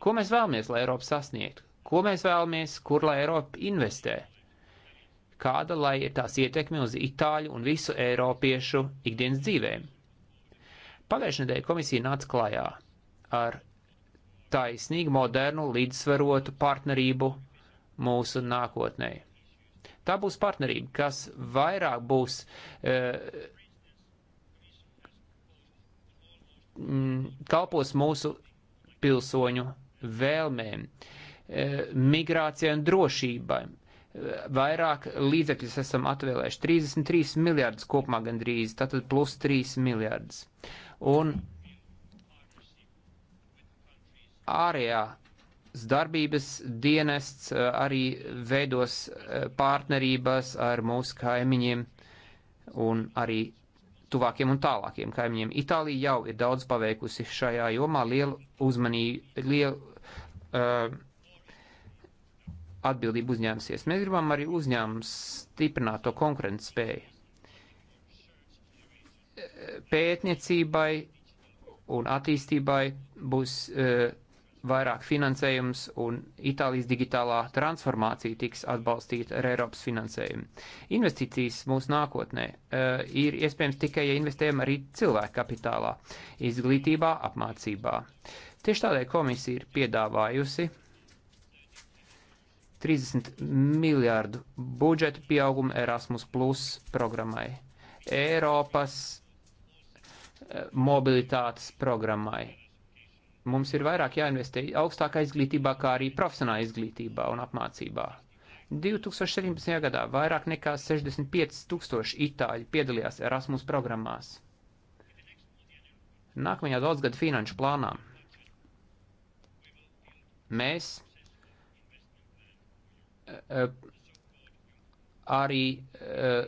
Ko mēs vēlamies, lai Eiropa sasniegtu? Ko mēs vēlamies, kur lai Eiropa investē? Kāda lai ir tās ietekme uz itāļu un visu eiropiešu ikdienas dzīvēm? Pagājušajā nedēļā komisija nāca klajā ar taisnīgu, modernu, līdzsvarotu partnerību mūsu nākotnē. Tā būs partnerība, kas vairāk būs e, kalpos mūsu pilsoņu vēlmēm, e, migrācijai un drošībai. Vairāk līdzekļus esam atvēlējuši - 33 miljārdus kopumā gandrīz, tātad plus 3 miljārdus. Un ārējā darbības dienests e, arī veidos e, partnerības ar mūsu kaimiņiem un arī tuvākiem un tālākiem kaimiņiem. Itālija jau ir daudz paveikusi šajā jomā, liela uzmanība, liela uh, atbildība uzņēmusies. Mēs gribam arī uzņēmums stiprināt to konkurences spēju. Pētniecībai un attīstībai būs uh, vairāk finansējums un Itālijas digitālā transformācija tiks atbalstīta ar Eiropas finansējumu. Investīcijas mūsu nākotnē uh, ir iespējams tikai, ja investējam arī cilvēku kapitālā, izglītībā, apmācībā. Tieši tādēļ komisija ir piedāvājusi 30 miljārdu budžeta pieaugumu Erasmus Plus programmai, Eiropas eh, mobilitātes programmai, Mums ir vairāk jāinvestē augstākā izglītībā, kā arī profesionālā izglītībā un apmācībā. 2017. gadā vairāk nekā 65 tūkstoši itāļi piedalījās Erasmus programmās. Nākamajā daudzgada finanšu plānā mēs eh, arī eh,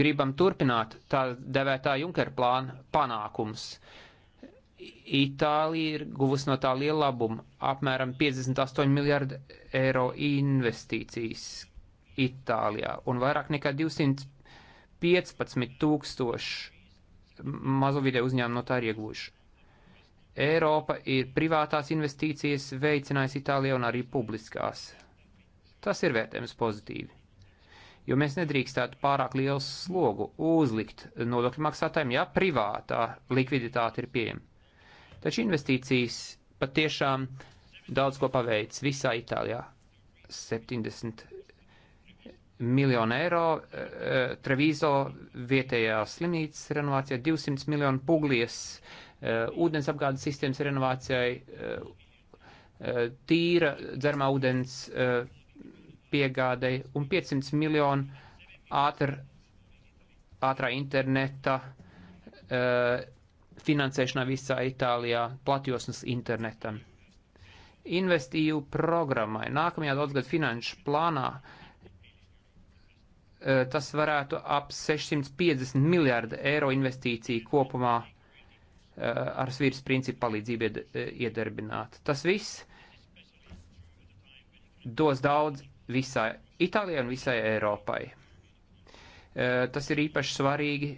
gribam turpināt tā devētā Junkera plāna panākums. Uh, Itālija ir guvusi no tā liela labuma - apmēram 58 miljārdu eiro investīcijas Itālijā un vairāk nekā 215 tūkstoši mazo video uzņēmumu no tā ir ieguvuši. Eiropa ir privātās investīcijas veicinājusi Itālijā un arī publiskās. Tas ir vērtējums pozitīvi, jo mēs nedrīkstētu pārāk lielu slogu uzlikt nodokļu maksātājiem, ja privātā likviditāte ir pieejama Taču investīcijas patiešām daudz ko paveic visā Itālijā. 70 miljonu eiro, e, e, Trevizo vietējā slimnīcas renovācijā, 200 miljonu puglies, e, ūdens apgādes sistēmas renovācijai, e, e tīra dzermā ūdens e, piegādei un 500 miljonu ātr, ātrā interneta finansēšanā visā Itālijā platjosnes internetam. Investīju programmai nākamajā daudzgad finanšu plānā e, tas varētu ap 650 miljārdu eiro investīciju kopumā e, ar svīras principu palīdzību e, iedarbināt. Tas viss dos daudz visai Itālijai un visai Eiropai. Tas ir īpaši svarīgi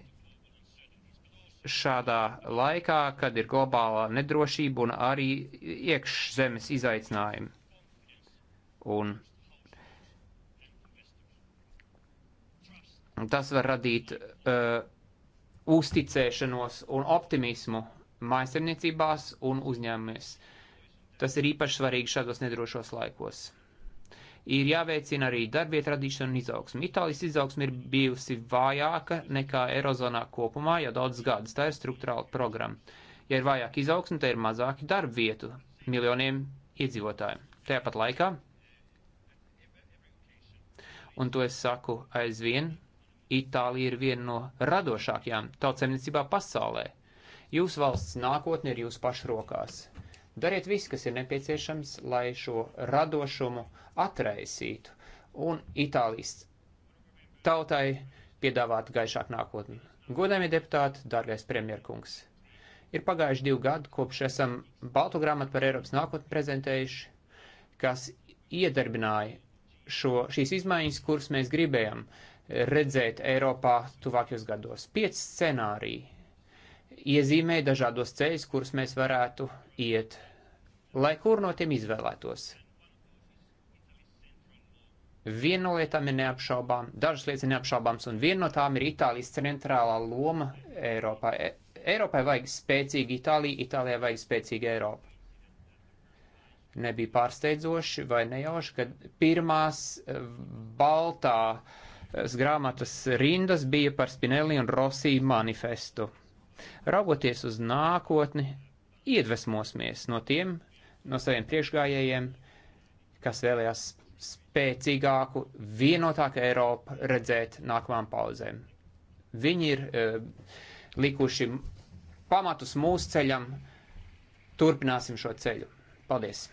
šādā laikā, kad ir globālā nedrošība un arī iekšzemes izaicinājumi. Un tas var radīt uh, uzticēšanos un optimismu mājasemniecībās un uzņēmumies. Tas ir īpaši svarīgi šādos nedrošos laikos ir jāveicina arī darbiet radīšana un izaugsme. Itālijas izaugsme ir bijusi vājāka nekā Eirozonā kopumā jau daudz gadus. Tā ir struktūrāla programma. Ja ir vājāka izaugsme, tad ir mazāki darba vietu miljoniem iedzīvotāju. Tāpat laikā, un to es saku aizvien, Itālija ir viena no radošākajām tautsemniecībā pasaulē. Jūsu valsts nākotne ir jūsu pašu rokās. Dariet visu, kas ir nepieciešams, lai šo radošumu atraisītu un Itālijas tautai piedāvāt gaišāk nākotni. Godējumie deputāti, dārgais premjerkungs, ir pagājuši divi gadi, kopš esam balto grāmatu par Eiropas nākotni prezentējuši, kas iedarbināja šo, šīs izmaiņas, kuras mēs gribējam redzēt Eiropā tuvākajos gados. Pieci scenāriji iezīmēja dažādos ceļus, kurus mēs varētu iet lai kur no tiem izvēlētos. Viena no lietām ir neapšaubām, dažas lietas ir neapšaubāmas, un viena no tām ir Itālijas centrālā loma Eiropā. E, Eiropai vajag spēcīgu Itāliju, Itālijai vajag spēcīgu Eiropu. Nebija pārsteidzoši vai nejauši, kad pirmās e, baltā grāmatas rindas bija par Spinelli un Rosī manifestu. Raugoties uz nākotni, iedvesmosimies no tiem, no saviem priekšgājējiem, kas vēlējās spēcīgāku, vienotāku Eiropu redzēt nākamām paudzēm. Viņi ir uh, likuši pamatus mūsu ceļam, turpināsim šo ceļu. Paldies!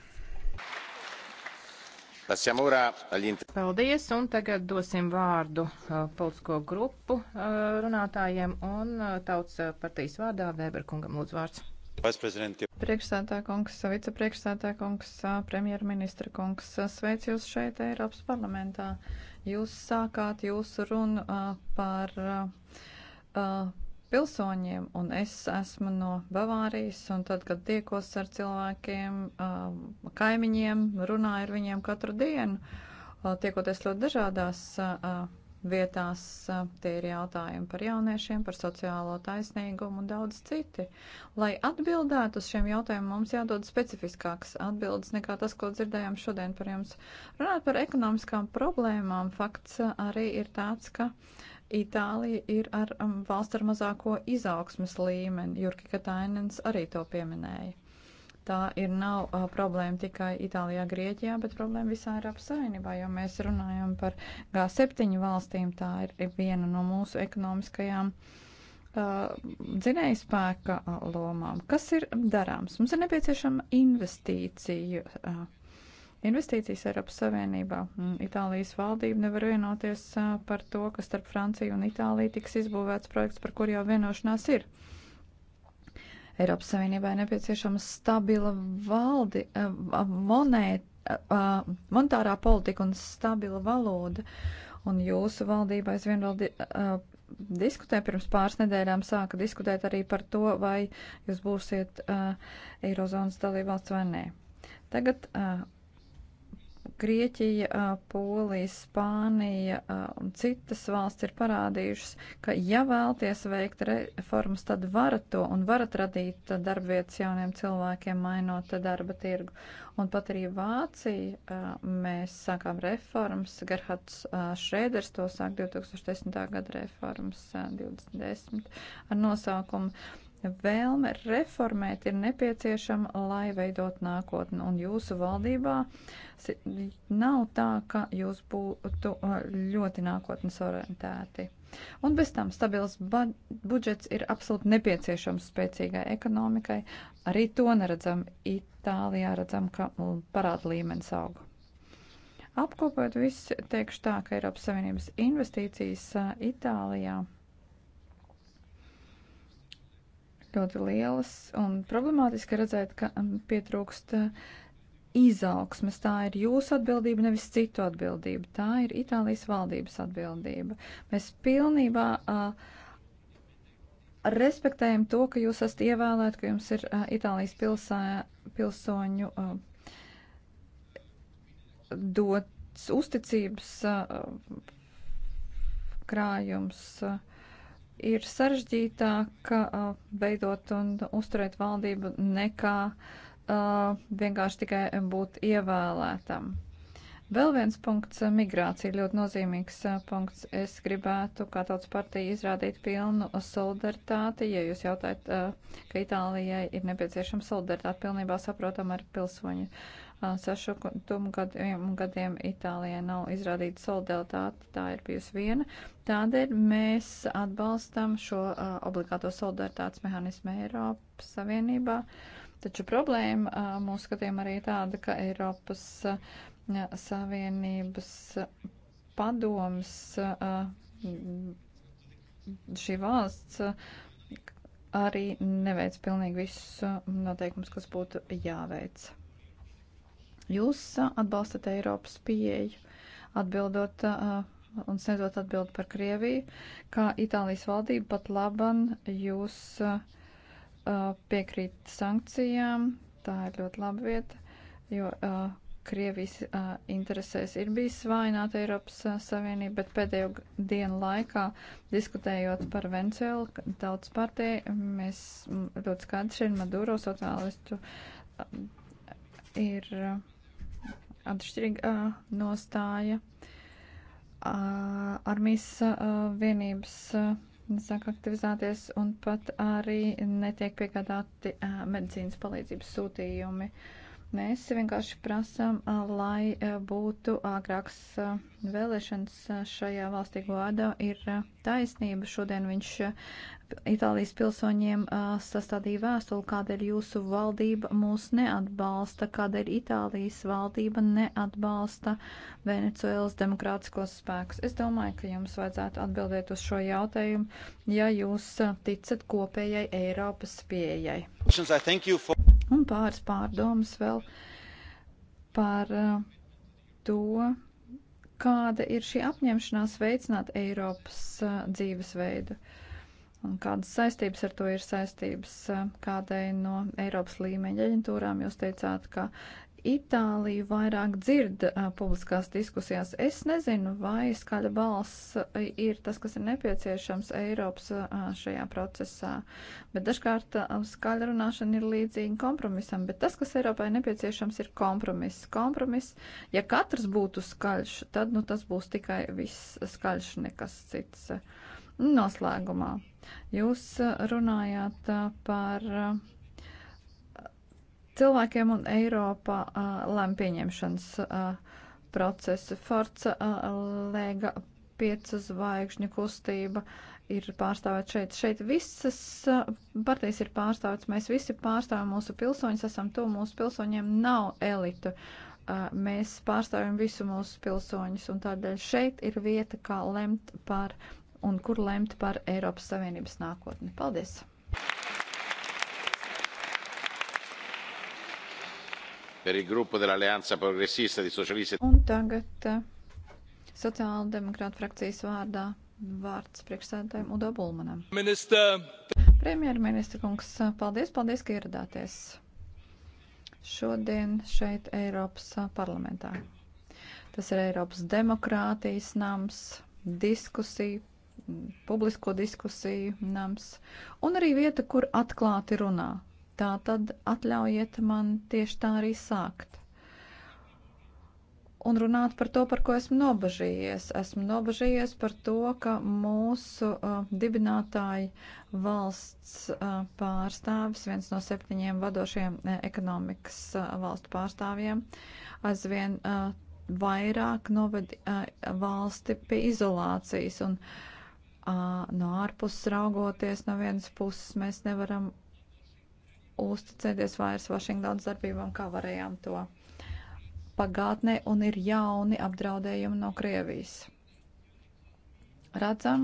Paldies, un tagad dosim vārdu uh, politisko grupu uh, runātājiem un uh, tautas partijas vārdā Vēberkungam lūdzu vārds. Priekšsētā kungs, vicepriekšsētā kungs, premjerministra kungs, sveic jūs šeit Eiropas parlamentā. Jūs sākāt jūsu runu uh, par uh, pilsoņiem, un es esmu no Bavārijas, un tad, kad tiekos ar cilvēkiem, uh, kaimiņiem, runāju ar viņiem katru dienu, uh, tiekoties ļoti dažādās. Uh, vietās. Tie ir jautājumi par jauniešiem, par sociālo taisnīgumu un daudz citi. Lai atbildētu uz šiem jautājumiem, mums jādod specifiskāks atbildes nekā tas, ko dzirdējām šodien par jums. Runāt par ekonomiskām problēmām, fakts arī ir tāds, ka. Itālija ir ar um, valsts ar mazāko izaugsmas līmeni, Jurki Katainens arī to pieminēja. Tā ir nav uh, problēma tikai Itālijā, Grieķijā, bet problēma visā Eiropas Savienībā, jo mēs runājam par G7 valstīm. Tā ir viena no mūsu ekonomiskajām uh, dzinēja spēka uh, lomām. Kas ir darāms? Mums ir nepieciešama investīcija. Uh, investīcijas Eiropas Savienībā. Mm, Itālijas valdība nevar vienoties par to, ka starp Franciju un Itāliju tiks izbūvēts projekts, par kur jau vienošanās ir. Uh, Eiropas Savienībai nepieciešama stabila valdi, eh, monēta, monetārā politika un stabila valoda. Un jūsu valdība aizvien vēl di, diskutē pirms pāris nedēļām sāka diskutēt arī par to, vai jūs būsiet Eirozonas dalībvalsts vai nē. Tagad uh, Grieķija, Polija, Spānija un citas valsts ir parādījušas, ka ja vēlties veikt reformas, tad varat to un varat radīt darbvietas jauniem cilvēkiem, mainot darba tirgu. Un pat arī Vācija mēs sākām reformas, Gerhards Šrēders to sāk 2010. gada reformas 2010 ar nosaukumu vēlme reformēt ir nepieciešama, lai veidot nākotni. Un jūsu valdībā nav tā, ka jūs būtu uh, ļoti nākotnes orientēti. Un bez tam stabils budžets ir absolūti nepieciešams spēcīgai ekonomikai. Arī to neredzam Itālijā, redzam, ka mm, parāda līmenis auga. Apkopot visu, teikšu tā, ka Eiropas Savienības investīcijas uh, Itālijā ļoti lielas un problemātiski redzēt, ka um, pietrūkst uh, izaugsmes. Tā ir jūsu atbildība, nevis citu atbildība. Tā ir Itālijas valdības atbildība. Mēs pilnībā uh, respektējam to, ka jūs esat ievēlēti, ka jums ir uh, Itālijas pilsā, pilsoņu uh, dots uzticības uh, krājums. Uh, ir sarežģītāk veidot un uzturēt valdību nekā vienkārši tikai būt ievēlētam. Vēl viens punkts - migrācija. Ļoti nozīmīgs punkts. Es gribētu, kā tautas partija, izrādīt pilnu solidaritāti. Ja jūs jautājat, ka Itālijai ir nepieciešama solidaritāte, pilnībā saprotam ar pilsoņu sašutumu gadiem, gadiem Itālijai nav izrādīta solidaritāte, tā ir bijusi viena. Tādēļ mēs atbalstam šo uh, obligāto solidaritātes mehānismu Eiropas Savienībā. Taču problēma uh, mūsu skatījumā arī tāda, ka Eiropas uh, Savienības padoms uh, šī valsts. Uh, arī neveic pilnīgi visus noteikumus, kas būtu jāveic. Jūs atbalstat Eiropas pieeju, atbildot un sniedzot atbildi par Krieviju, kā Itālijas valdība pat laban jūs piekrīt sankcijām, tā ir ļoti laba vieta, jo Krievijas uh, interesēs ir bijis vainot Eiropas uh, Savienību, bet pēdējo dienu laikā, diskutējot par Venecijālu tautas partiju, mēs ļoti skaidri šeit Maduro sociālistu uh, ir. Uh, atšķirīga uh, nostāja. Uh, armijas uh, vienības uh, sāk aktivizēties un pat arī netiek piegādāti uh, medicīnas palīdzības sūtījumi. Uh, Mēs vienkārši prasām, lai būtu agrāks vēlēšanas šajā valstī. Guado ir taisnība. Šodien viņš Itālijas pilsoņiem sastādīja vēstuli, kādēļ jūsu valdība mūs neatbalsta, kādēļ Itālijas valdība neatbalsta Venecuēlas demokrātiskos spēkus. Es domāju, ka jums vajadzētu atbildēt uz šo jautājumu, ja jūs ticat kopējai Eiropas pieejai. Un pāris pārdomas vēl par uh, to, kāda ir šī apņemšanās veicināt Eiropas uh, dzīvesveidu. Un kādas saistības ar to ir saistības uh, kādai no Eiropas līmeņa aģentūrām? Jūs teicāt, ka Itāliju vairāk dzird uh, publiskās diskusijās. Es nezinu, vai skaļa balss ir tas, kas ir nepieciešams Eiropas uh, šajā procesā, bet dažkārt uh, skaļa runāšana ir līdzīga kompromisam, bet tas, kas Eiropai nepieciešams, ir kompromiss. Kompromiss, ja katrs būtu skaļš, tad nu, tas būs tikai viss skaļš, nekas cits. Noslēgumā jūs runājāt par. Uh, cilvēkiem un Eiropā lēma pieņemšanas procesu. Forca lēga piecu zvaigžņu kustība ir pārstāvēt šeit. Šeit visas partijas ir pārstāvētas. Mēs visi pārstāvam mūsu pilsoņus, esam to mūsu pilsoņiem nav elitu. Mēs pārstāvam visu mūsu pilsoņus un tādēļ šeit ir vieta, kā lemt par un kur lemt par Eiropas Savienības nākotni. Paldies! per il gruppo dell'Alleanza Progressista di Socialisti. Un tagad eh, sociāla demokrāta frakcijas vārdā vārds priekšsēdētājiem Udo Bulmanam. Minister. Premjerministra kungs, paldies, paldies, ka ieradāties šodien šeit Eiropas parlamentā. Tas ir Eiropas demokrātijas nams, diskusija, publisko diskusiju nams un arī vieta, kur atklāti runā Tā tad atļaujiet man tieši tā arī sākt. Un runāt par to, par ko esmu nobažījies. Esmu nobažījies par to, ka mūsu uh, dibinātāji valsts uh, pārstāvis, viens no septiņiem vadošajiem uh, ekonomikas uh, valstu pārstāvjiem, aizvien uh, vairāk noved uh, valsti pie izolācijas. Un uh, no ārpuses raugoties, no vienas puses mēs nevaram uzticēties vairs Vašingtonas darbībām, kā varējām to pagātnē, un ir jauni apdraudējumi no Krievijas. Redzam,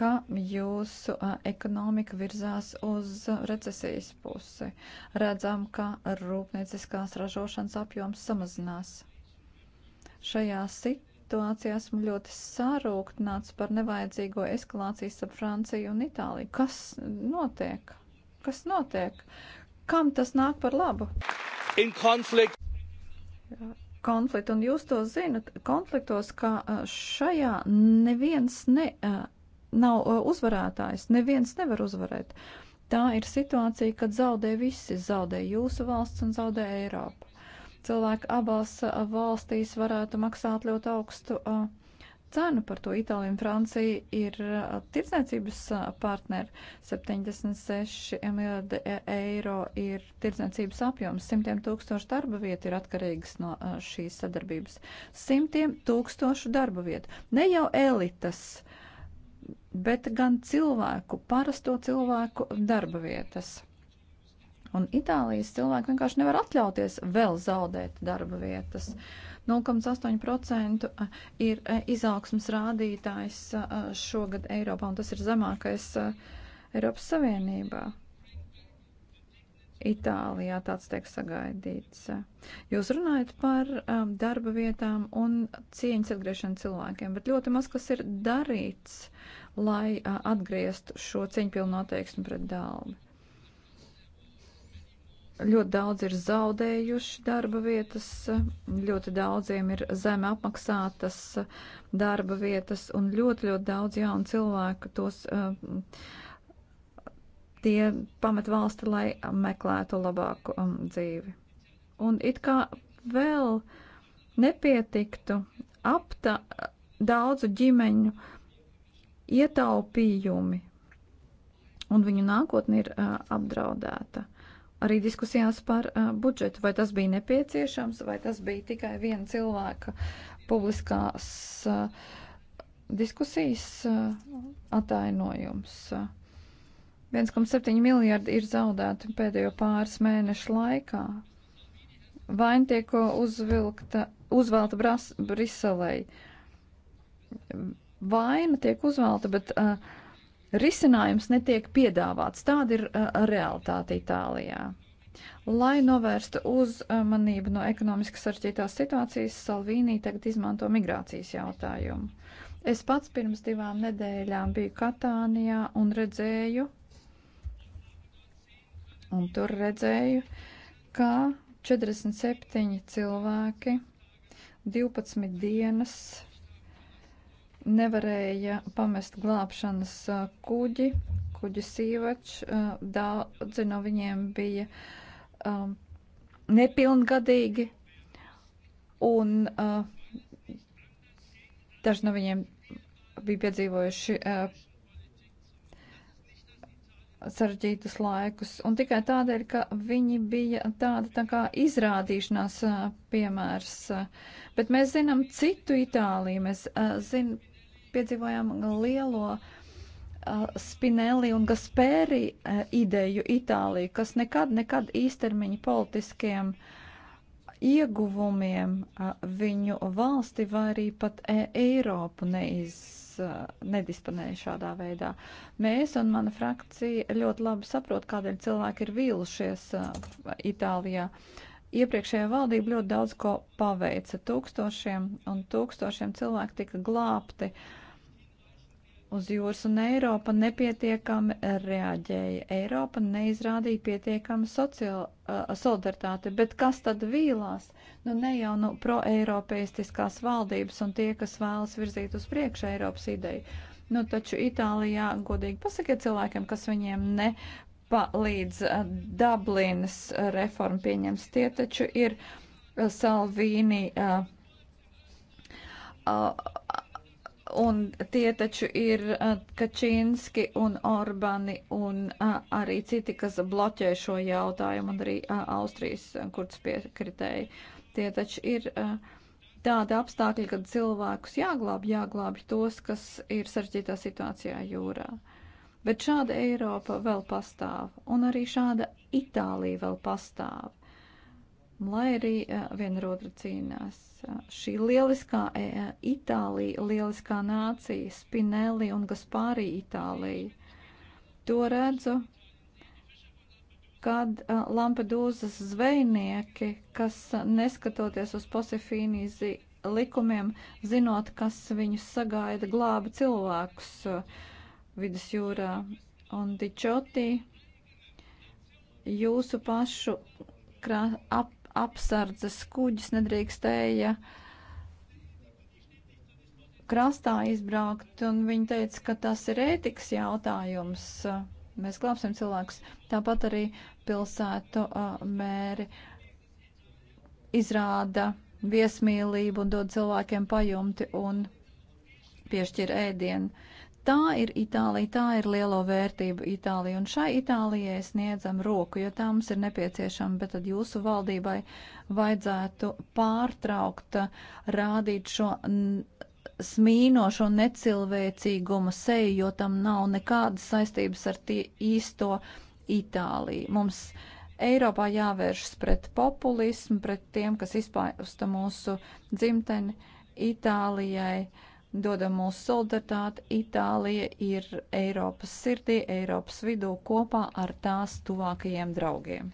ka jūsu ekonomika virzās uz recesijas pusi. Redzam, ka rūpnieciskās ražošanas apjoms samazinās. Šajā situācijā esmu ļoti sarūktināts par nevajadzīgo eskalācijas ar Franciju un Itāliju. Kas notiek? kas notiek? Kam tas nāk par labu? Konflikti, un jūs to zinat, konfliktos, ka šajā neviens ne, nav uzvarētājs, neviens nevar uzvarēt. Tā ir situācija, kad zaudē visi, zaudē jūsu valsts un zaudē Eiropa. Cilvēki abās valstīs varētu maksāt ļoti augstu uh, cenu par to. Itālija un Francija ir uh, tirdzniecības uh, partneri. 76 miljardi e, eiro ir tirdzniecības apjoms. Simtiem tūkstošu darba vietu ir atkarīgas no uh, šīs sadarbības. Simtiem tūkstošu darba vietu. Ne jau elitas, bet gan cilvēku, parasto cilvēku darba vietas. Un Itālijas cilvēki vienkārši nevar atļauties vēl zaudēt darba vietas. Mm. 0,8% ir izaugsmas rādītājs šogad Eiropā, un tas ir zemākais Eiropas Savienībā. Itālijā tāds tiek sagaidīts. Jūs runājat par um, darba vietām un cieņas atgriešanu cilvēkiem, bet ļoti maz kas ir darīts, lai uh, atgrieztu šo cieņpilnu attieksmi pret dālbi. Ļoti daudz ir zaudējuši darba vietas, ļoti daudziem ir zeme apmaksātas darba vietas, un ļoti, ļoti daudz jaunu cilvēku tos eh, tie pamet valsti, lai meklētu labāku um, dzīvi. Un it kā vēl nepietiktu apta daudzu ģimeņu ietaupījumi, un viņu nākotne ir eh, apdraudēta arī diskusijās par uh, budžetu, vai tas bija nepieciešams, vai tas bija tikai viena cilvēka publiskās uh, diskusijas uh, atainojums. Uh, 1,7 miljardi ir zaudēti pēdējo pāris mēnešu laikā. Vaina tiek uzvilkta, uzvelta Bras Briselei. Vaina tiek uzvelta, bet uh, Risinājums netiek piedāvāts. Tāda ir uh, realitāte Itālijā. Lai novērstu uzmanību no ekonomiski sarežģītās situācijas, Salvīnī tagad izmanto migrācijas jautājumu. Es pats pirms divām nedēļām biju Katānijā un redzēju, un tur redzēju, kā 47 cilvēki 12 dienas nevarēja pamest glābšanas kuģi, kuģi sīvač. Daudzi no viņiem bija um, nepilngadīgi, un uh, daži no viņiem bija piedzīvojuši uh, sarežģītus laikus, un tikai tādēļ, ka viņi bija tāda tā kā izrādīšanās piemērs. Bet mēs zinām citu Itāliju, mēs zin, piedzīvojām lielo uh, Spinelli un Gasperi uh, ideju Itāliju, kas nekad, nekad īstermiņa politiskiem ieguvumiem uh, viņu valsti vai arī pat e Eiropu neiz, nedisponēja šādā veidā. Mēs un mana frakcija ļoti labi saprot, kādēļ cilvēki ir vīlušies Itālijā. Iepriekšējā valdība ļoti daudz ko paveica. Tūkstošiem un tūkstošiem cilvēku tika glābti. Uh, uz jūras, un Eiropa nepietiekami reaģēja. Eiropa neizrādīja pietiekami sociāla uh, solidaritāte, bet kas tad vīlās? Nu ne jau nu, proeiropeistiskās valdības un tie, kas vēlas virzīt uz priekšu Eiropas ideju. Nu, taču Itālijā, godīgi pasakiet cilvēkiem, kas viņiem ne palīdz uh, Dublinas reformu pieņems, tie taču ir uh, Salvīni. Uh, uh, un tie taču ir eh, Kačinski un Orbani un eh, arī citi, kas bloķē šo jautājumu, un arī eh, Austrijas kurds piekritēji. Tie tači ir tādi apstākļi, kad cilvēkus jāglāb, jāglāb tos, kas ir sarežģītā situācijā jūrā. Bet šāda Eiropa vēl pastāv, un arī šāda Itālija vēl pastāv lai arī viena ar otru cīnās. Šī lieliskā Itālija, lieliskā nācija, Spinelli un Gaspārī Itālija. To redzu, kad Lampedūzas zvejnieki, kas neskatoties uz posifīnīzi likumiem, zinot, kas viņus sagaida, glāba cilvēkus vidusjūrā. Un Dičotī, jūsu pašu krā, ap, apsardzes kuģis nedrīkstēja krastā izbraukt, un viņi teica, ka tas ir ētikas jautājums. Mēs glābsim cilvēkus. Tāpat arī pilsētu mēri izrāda viesmīlību un dod cilvēkiem pajumti un piešķir ēdienu. Tā ir Itālija, tā ir lielo vērtību Itālija, un šai Itālijai sniedzam roku, jo tā mums ir nepieciešama, bet tad jūsu valdībai vajadzētu pārtraukt uh, rādīt šo smīnošo necilvēcīguma seju, jo tam nav nekādas saistības ar tie īsto Itāliju. Mums Eiropā jāvēršas pret populismu, pret tiem, kas izpausta mūsu dzimteni Itālijai. Uh, dodam mūsu solidaritāti. Itālija ir Eiropas sirdī, Eiropas vidū kopā ar tās tuvākajiem draugiem.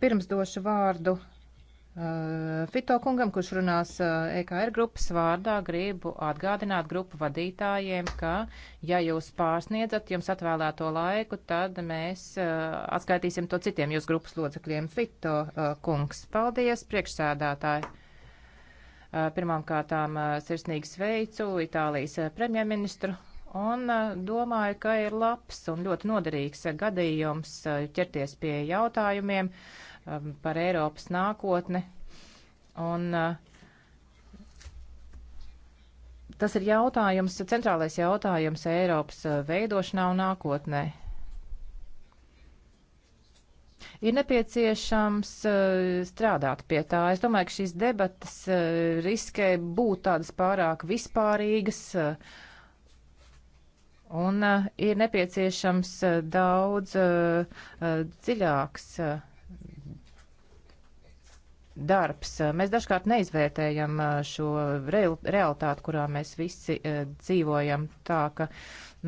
Pirms došu vārdu Eh, Fito kungam, kurš runās EKR eh, e grupas vārdā, gribu atgādināt grupu vadītājiem, ka, ja jūs pārsniedzat jums atvēlēto laiku, tad mēs eh, atskaitīsim to citiem jūs grupas locekļiem. Fito kungs, paldies, priekšsēdātāji! Pirmām kārtām sirsnīgi sveicu Itālijas premjerministru un domāju, ka ir labs un ļoti noderīgs gadījums ķerties pie jautājumiem Um, par Eiropas nākotni. Un uh, tas ir jautājums, centrālais jautājums Eiropas uh, veidošanā un nākotnē. Ir nepieciešams uh, strādāt pie tā. Es domāju, ka šīs debatas riskē būt tādas pārāk vispārīgas. Un uh, ir nepieciešams uh, daudz uh, uh, dziļāks uh, darbs. Mēs dažkārt neizvērtējam uh, šo realitāti, kurā mēs visi uh, dzīvojam, tā ka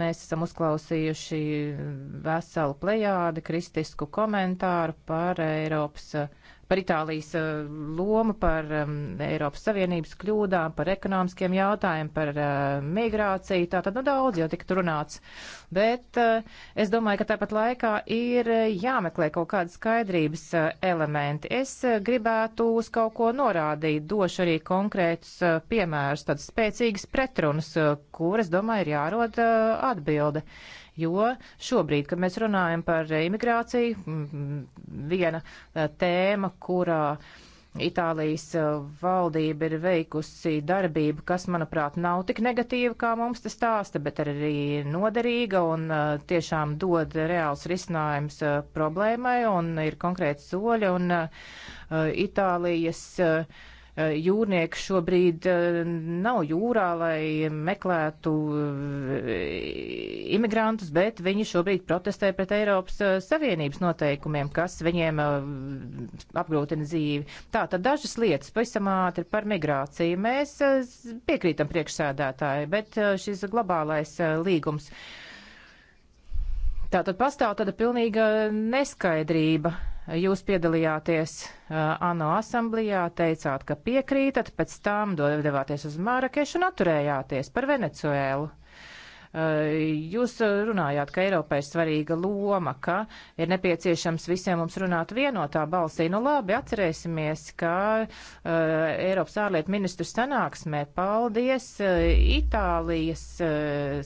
mēs esam uzklausījuši veselu plejādi kristisku komentāru par Eiropas uh, par Itālijas eh, lomu, par um, Eiropas Savienības kļūdām, par ekonomiskiem jautājumiem, par eh, migrāciju. Tā tad nu daudz jau tika runāts. Bet eh, es domāju, ka tāpat laikā ir jāmeklē kaut kādas skaidrības elementi. Es gribētu uz kaut ko norādīt, došu arī konkrētus piemērus, tādas spēcīgas pretrunas, kuras, domāju, ir jārod atbilde jo šobrīd, kad mēs runājam par imigrāciju, viena e, tēma, kurā Itālijas e, valdība ir veikusi darbību, kas, manuprāt, nav tik negatīva, kā mums tas stāsta, bet arī noderīga un e, tiešām dod reāls risinājums problēmai un ir konkrēti soļi un Itālijas uh, Eh, jūrnieki šobrīd eh, nav jūrā, lai meklētu eh, imigrantus, bet viņi šobrīd protestē pret Eiropas Savienības noteikumiem, kas viņiem apgrūtina dzīvi. Tā tad dažas lietas pavisam ātri par migrāciju. Mēs piekrītam priekšsēdētāji, bet šis globālais līgums. Uh, Tātad pastāv tāda pilnīga neskaidrība. Jūs piedalījāties uh, ANO asamblijā, teicāt, ka piekrītat, pēc tam devāties uz Mārakešu un atturējāties par Venecuēlu. Uh, jūs runājāt, ka Eiropai ir svarīga loma, ka ir nepieciešams visiem mums runāt vienotā balsī. Nu labi, atcerēsimies, ka uh, Eiropas ārlietu ministru sanāksmē paldies Itālijas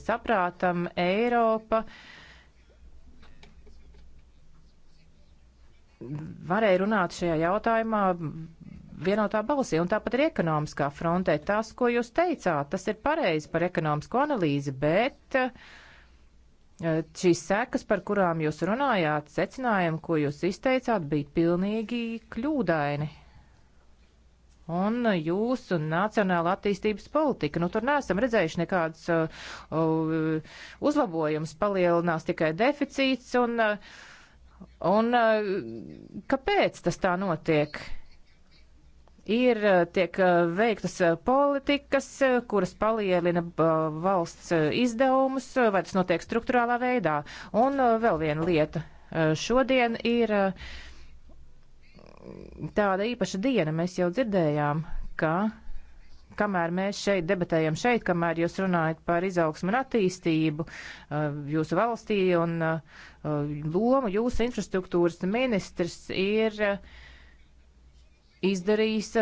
saprātam Eiropa. Uh, varēja runāt šajā jautājumā vienotā balsī, un tāpat ir ekonomiskā frontē. Tas, ko jūs teicāt, tas ir pareizi par ekonomisko analīzi, bet eh, šīs sekas, par kurām jūs runājāt, secinājumi, ko jūs izteicāt, bija pilnīgi kļūdaini. Un jūsu nacionāla attīstības politika, nu tur neesam redzējuši nekādus uh, eh, uzlabojumus, palielinās tikai deficīts un uh, Un eh, kāpēc tas tā notiek? Ir eh, tiek eh, veiktas politikas, kuras palielina valsts izdevumus, vai tas notiek struktūrālā veidā. Un vēl viena lieta. Šodien ir tāda īpaša diena, mēs jau dzirdējām, ka kamēr mēs šeit debatējam šeit, kamēr jūs runājat par izaugsmu un attīstību uh, jūsu valstī un uh, lomu, jūsu infrastruktūras ministrs ir uh, izdarījis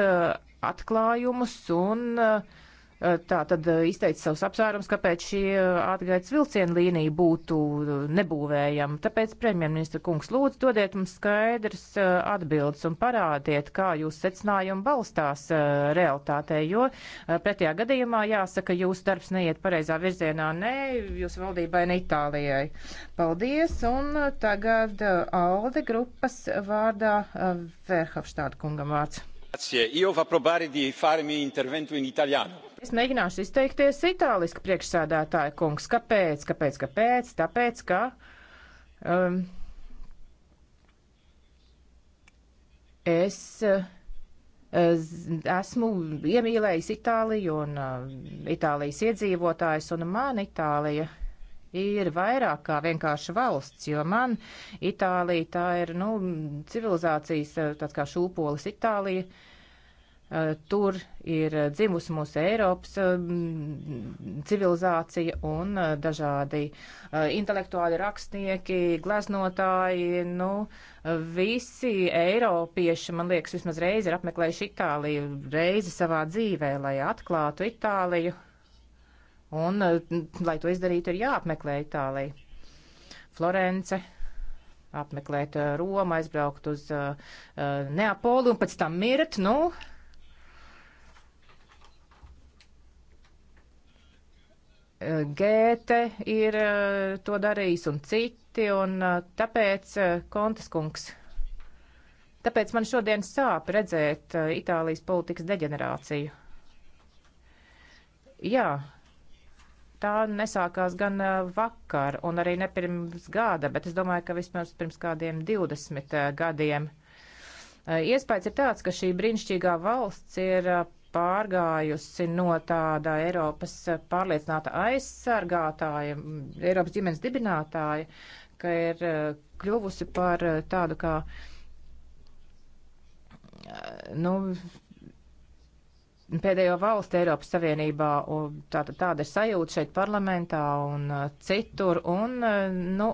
atklājumus un uh, Eh, tā tad eh, izteica savus apsvērums, kāpēc šī eh, atgaitas vilciena līnija būtu nebūvējama. Tāpēc premjerministra kungs lūdzu dodiet mums skaidrs atbildes un parādiet, kā jūs secinājumi balstās realitātē, jo pretējā gadījumā jāsaka, jūsu darbs neiet pareizā virzienā, ne jūsu valdībai, ne Itālijai. Paldies, un tagad Alde grupas vārdā Verhofstāda kungam vārds. Grazie, io va probare di farmi intervento in italiano. Es mēģināšu izteikties itāliski priekšsādātāja kungs. Kāpēc? Kāpēc? Kāpēc? Tāpēc, ka. Um, es. Uh, esmu iemīlējis Itāliju un uh, Itālijas iedzīvotājs, un man Itālija ir vairāk kā vienkārši valsts, jo man Itālija tā ir, nu, civilizācijas uh, tāds kā šūpolis Itālija. Uh, Eh, tur ir dzimusi mūsu Eiropas eh, civilizācija un eh, dažādi intelektuāli rakstnieki, gleznotāji, nu, visi Eiropieši, man liekas, vismaz reizi ir apmeklējuši Itāliju, reizi savā dzīvē, lai atklātu Itāliju. Un, lai to izdarītu, ir jāapmeklē Itālija. Florence, apmeklēt Romu, aizbraukt uz uh, Neapoli un pēc tam mirt, nu, uh, Gēte ir eh, to darījis un citi, un eh, tāpēc eh, Kontaskungs. Tāpēc man šodien sāp redzēt Itālijas politikas deģenerāciju. Jā, tā nesākās gan vakar, un arī ne pirms gada, bet es domāju, ka vismaz pirms kādiem 20 gadiem. Iespējams ir tāds, ka šī brīnišķīgā valsts ir pārgājusi no tāda Eiropas pārliecināta aizsargātāja, Eiropas ģimenes dibinātāja, ka ir eh, kļuvusi par eh, tādu kā, eh, nu, pēdējo valstu Eiropas Savienībā, tāda, tāda ir sajūta šeit parlamentā un citur, un, nu,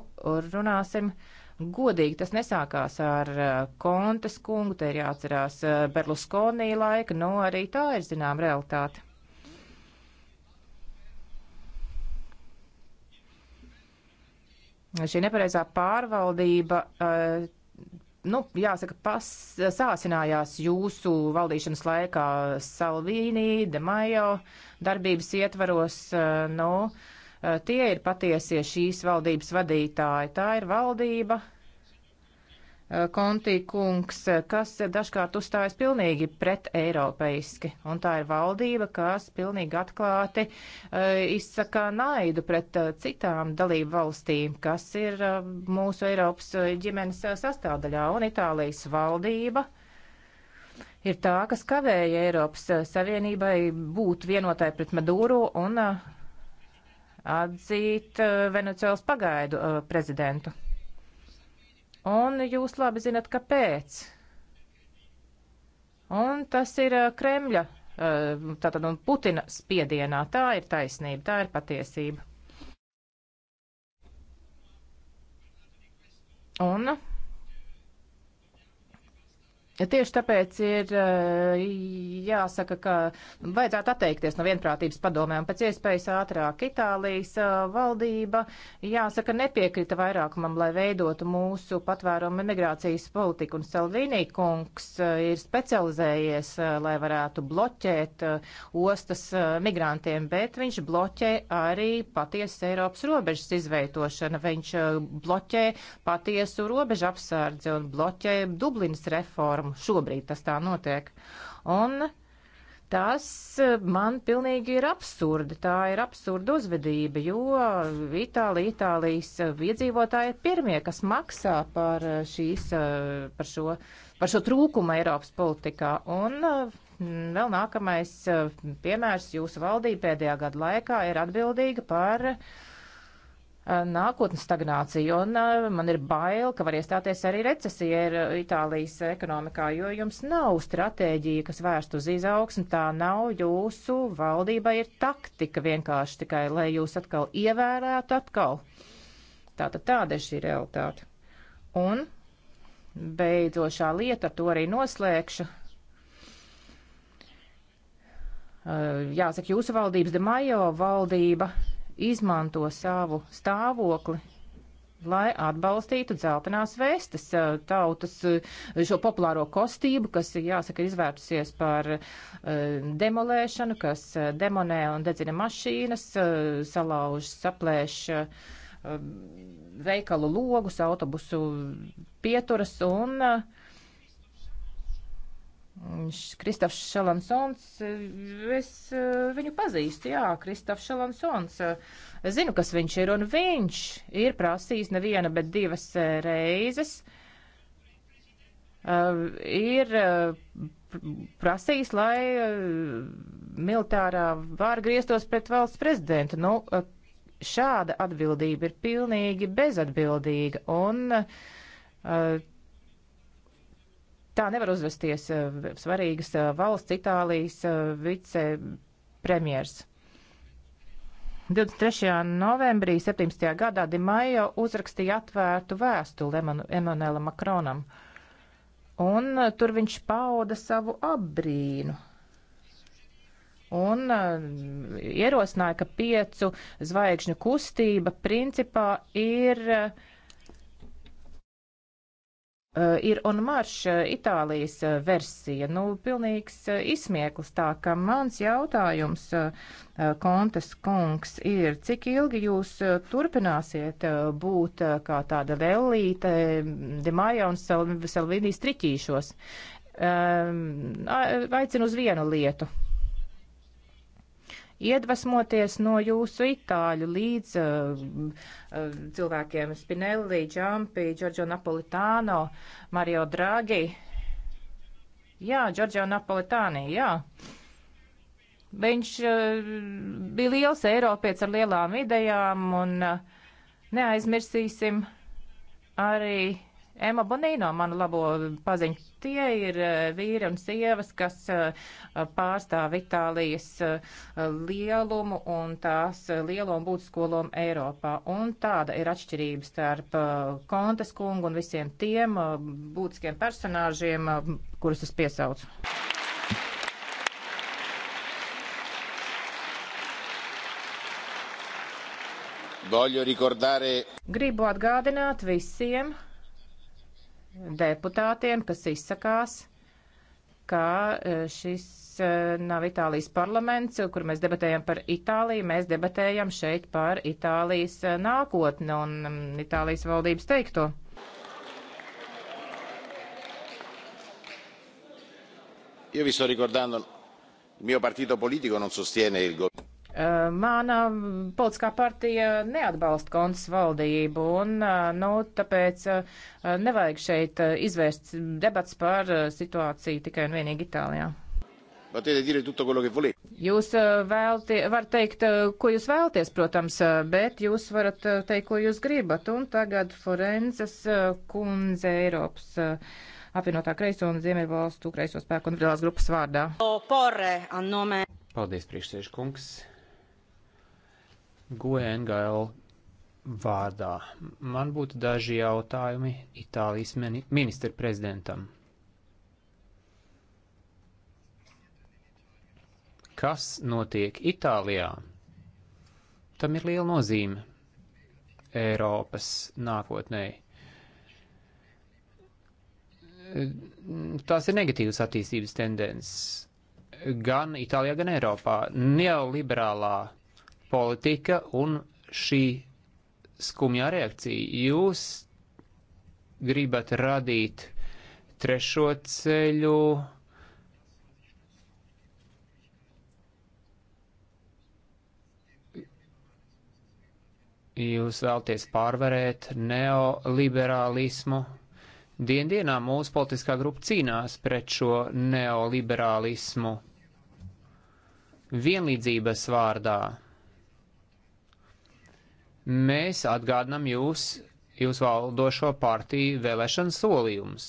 runāsim godīgi tas nesākās ar eh, Kontes kungu, te ir jāatcerās eh, Berluskonī laika, no nu, arī tā ir zinām realitāte. Šī nepareizā pārvaldība, eh, nu, jāsaka, pas, sāsinājās jūsu valdīšanas laikā Salvīnī, De Majo darbības ietvaros, nu, no, Tie ir patiesie šīs valdības vadītāji. Tā ir valdība, Konti kungs, kas dažkārt uzstājas pilnīgi pret eiropeiski, un tā ir valdība, kas pilnīgi atklāti uh, izsaka naidu pret uh, citām dalību valstīm, kas ir uh, mūsu Eiropas ģimenes sastāvdaļā, un Itālijas valdība ir tā, kas kavēja Eiropas Savienībai būt vienotai pret Maduro un uh, atzīt eh, Venecuēlas pagaidu eh, prezidentu. Un jūs labi zinat, kāpēc. Un tas ir eh, Kremļa, tātad un Putina spiedienā. Tā ir taisnība, tā ir patiesība. Un Tieši tāpēc ir eh, jāsaka, ka vajadzētu atteikties no vienprātības padomēm pēc iespējas ātrāk. Itālijas eh, valdība, jāsaka, nepiekrita vairākumam, lai veidotu mūsu patvērumu imigrācijas politiku, un Salvīnī kungs eh, ir specializējies, lai varētu bloķēt ostas migrantiem, bet viņš bloķē arī patiesas Eiropas robežas izveidošanu, viņš bloķē patiesu robežu apsardzi un bloķē Dublinas reformu programmu. Šobrīd tas tā notiek. Un Tas eh, man pilnīgi ir absurdi. Tā ir absurda uzvedība, jo Itālija, Itālijas eh, iedzīvotāji ir pirmie, kas maksā par, eh, šīs, par, šo, par šo trūkumu Eiropas politikā. Un vēl nākamais piemērs jūsu valdība pēdējā gada laikā ir atbildīga par uh, Eh, nākotnes stagnāciju, un eh, man ir bail, ka var iestāties arī recesija ir eh, Itālijas ekonomikā, jo jums nav stratēģija, kas vērst uz izaugsmu, tā nav jūsu valdība, ir taktika vienkārši tikai, lai jūs atkal ievērētu atkal. Tātad tāda ir šī realitāte. Un beidzošā lieta, ar to arī noslēgšu, jāsaka, jūsu valdības, De Majo valdība izmanto savu stāvokli, lai atbalstītu dzeltenās vestes tautas šo populāro kostību, kas, jāsaka, ir izvērtusies par uh, demolēšanu, kas demonē un dedzina mašīnas, uh, salauž, saplēš uh, veikalu logus, autobusu pieturas un uh, Kristofs Šalansons, es eh, viņu pazīstu, jā, Kristofs Šalansons. Es eh, zinu, kas viņš ir, un viņš ir prasījis neviena, bet divas eh, reizes. Ir prasījis, lai militārā vāra grieztos pret valsts prezidentu. Nu, šāda atbildība ir pilnīgi bezatbildīga, un Tā nevar uzvesties eh, svarīgas eh, valsts Itālijas eh, vicepremjers. 23. novembrī 17. gadā Dimaio uzrakstīja atvērtu vēstuli Emanuēlam Makronam, un tur viņš pauda savu apbrīnu un uh, ierosināja, ka piecu zvaigžņu kustība principā ir uh, Eh, ir on marš eh, Itālijas eh, versija. Nu, pilnīgs izsmieklis tā, ka mans jautājums, kontas kungs, ir, cik ilgi jūs turpināsiet būt kā tāda lellīte mm, Demāja un Salvinijas triķīšos? Aicinu uz vienu lietu iedvesmoties no jūsu itāļu līdz uh, uh, cilvēkiem Spinelli, Džampi, Giorgio Napolitano, Mario Draghi. Jā, Giorgio Napolitāni, jā. Viņš uh, bija liels Eiropietis ar lielām idejām un uh, neaizmirsīsim arī Ema Bonino, manu labo paziņu tie ir eh, vīri un sievas, kas eh, pārstāv Itālijas eh, lielumu un tās lielo un būtisko lomu Eiropā. Un tāda ir atšķirība starp Kontes kungu un visiem tiem būtiskiem personāžiem, kurus es piesaucu. Gribu atgādināt visiem, deputātiem, kas izsakās, ka e, šis e, nav Itālijas parlaments, kur mēs debatējam par Itāliju, mēs debatējam šeit par Itālijas e, nākotni un mm, Itālijas valdības teikto. Io vi sto ricordando, il mio partito politico non sostiene il governo. Mana politiskā partija neatbalsta kontas valdību, un, nu, tāpēc nevajag šeit izvērst debats par situāciju tikai un vienīgi Itālijā. Jūs vēlti, var teikt, ko jūs vēlties, protams, bet jūs varat teikt, ko jūs gribat. Un tagad Forenzas kundze Eiropas apvienotā kreiso un Ziemeļvalstu kreiso spēku un brīvās grupas vārdā. Paldies, priekšsēžkungs. GUNGL vārdā. Man būtu daži jautājumi Itālijas ministra prezidentam. Kas notiek Itālijā? Tam ir liela nozīme Eiropas nākotnē. Tās ir negatīvas attīstības tendences gan Itālijā, gan Eiropā. Neoliberālā uh, politika un šī skumjā reakcija. Jūs gribat radīt trešo ceļu. Jūs vēlties pārvarēt neoliberālismu. Diendienā mūsu politiskā grupa cīnās pret šo neoliberālismu vienlīdzības vārdā. Mēs atgādinam jūs, jūs valdošo partiju vēlēšanu solījumus.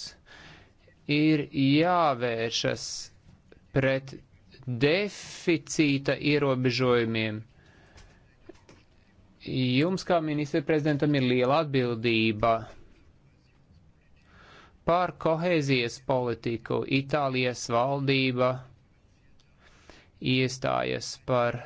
Ir jāvēršas pret deficīta ierobežojumiem. Jums, kā ministra prezidentam, ir liela atbildība par kohēzijas politiku. Itālijas valdība iestājas par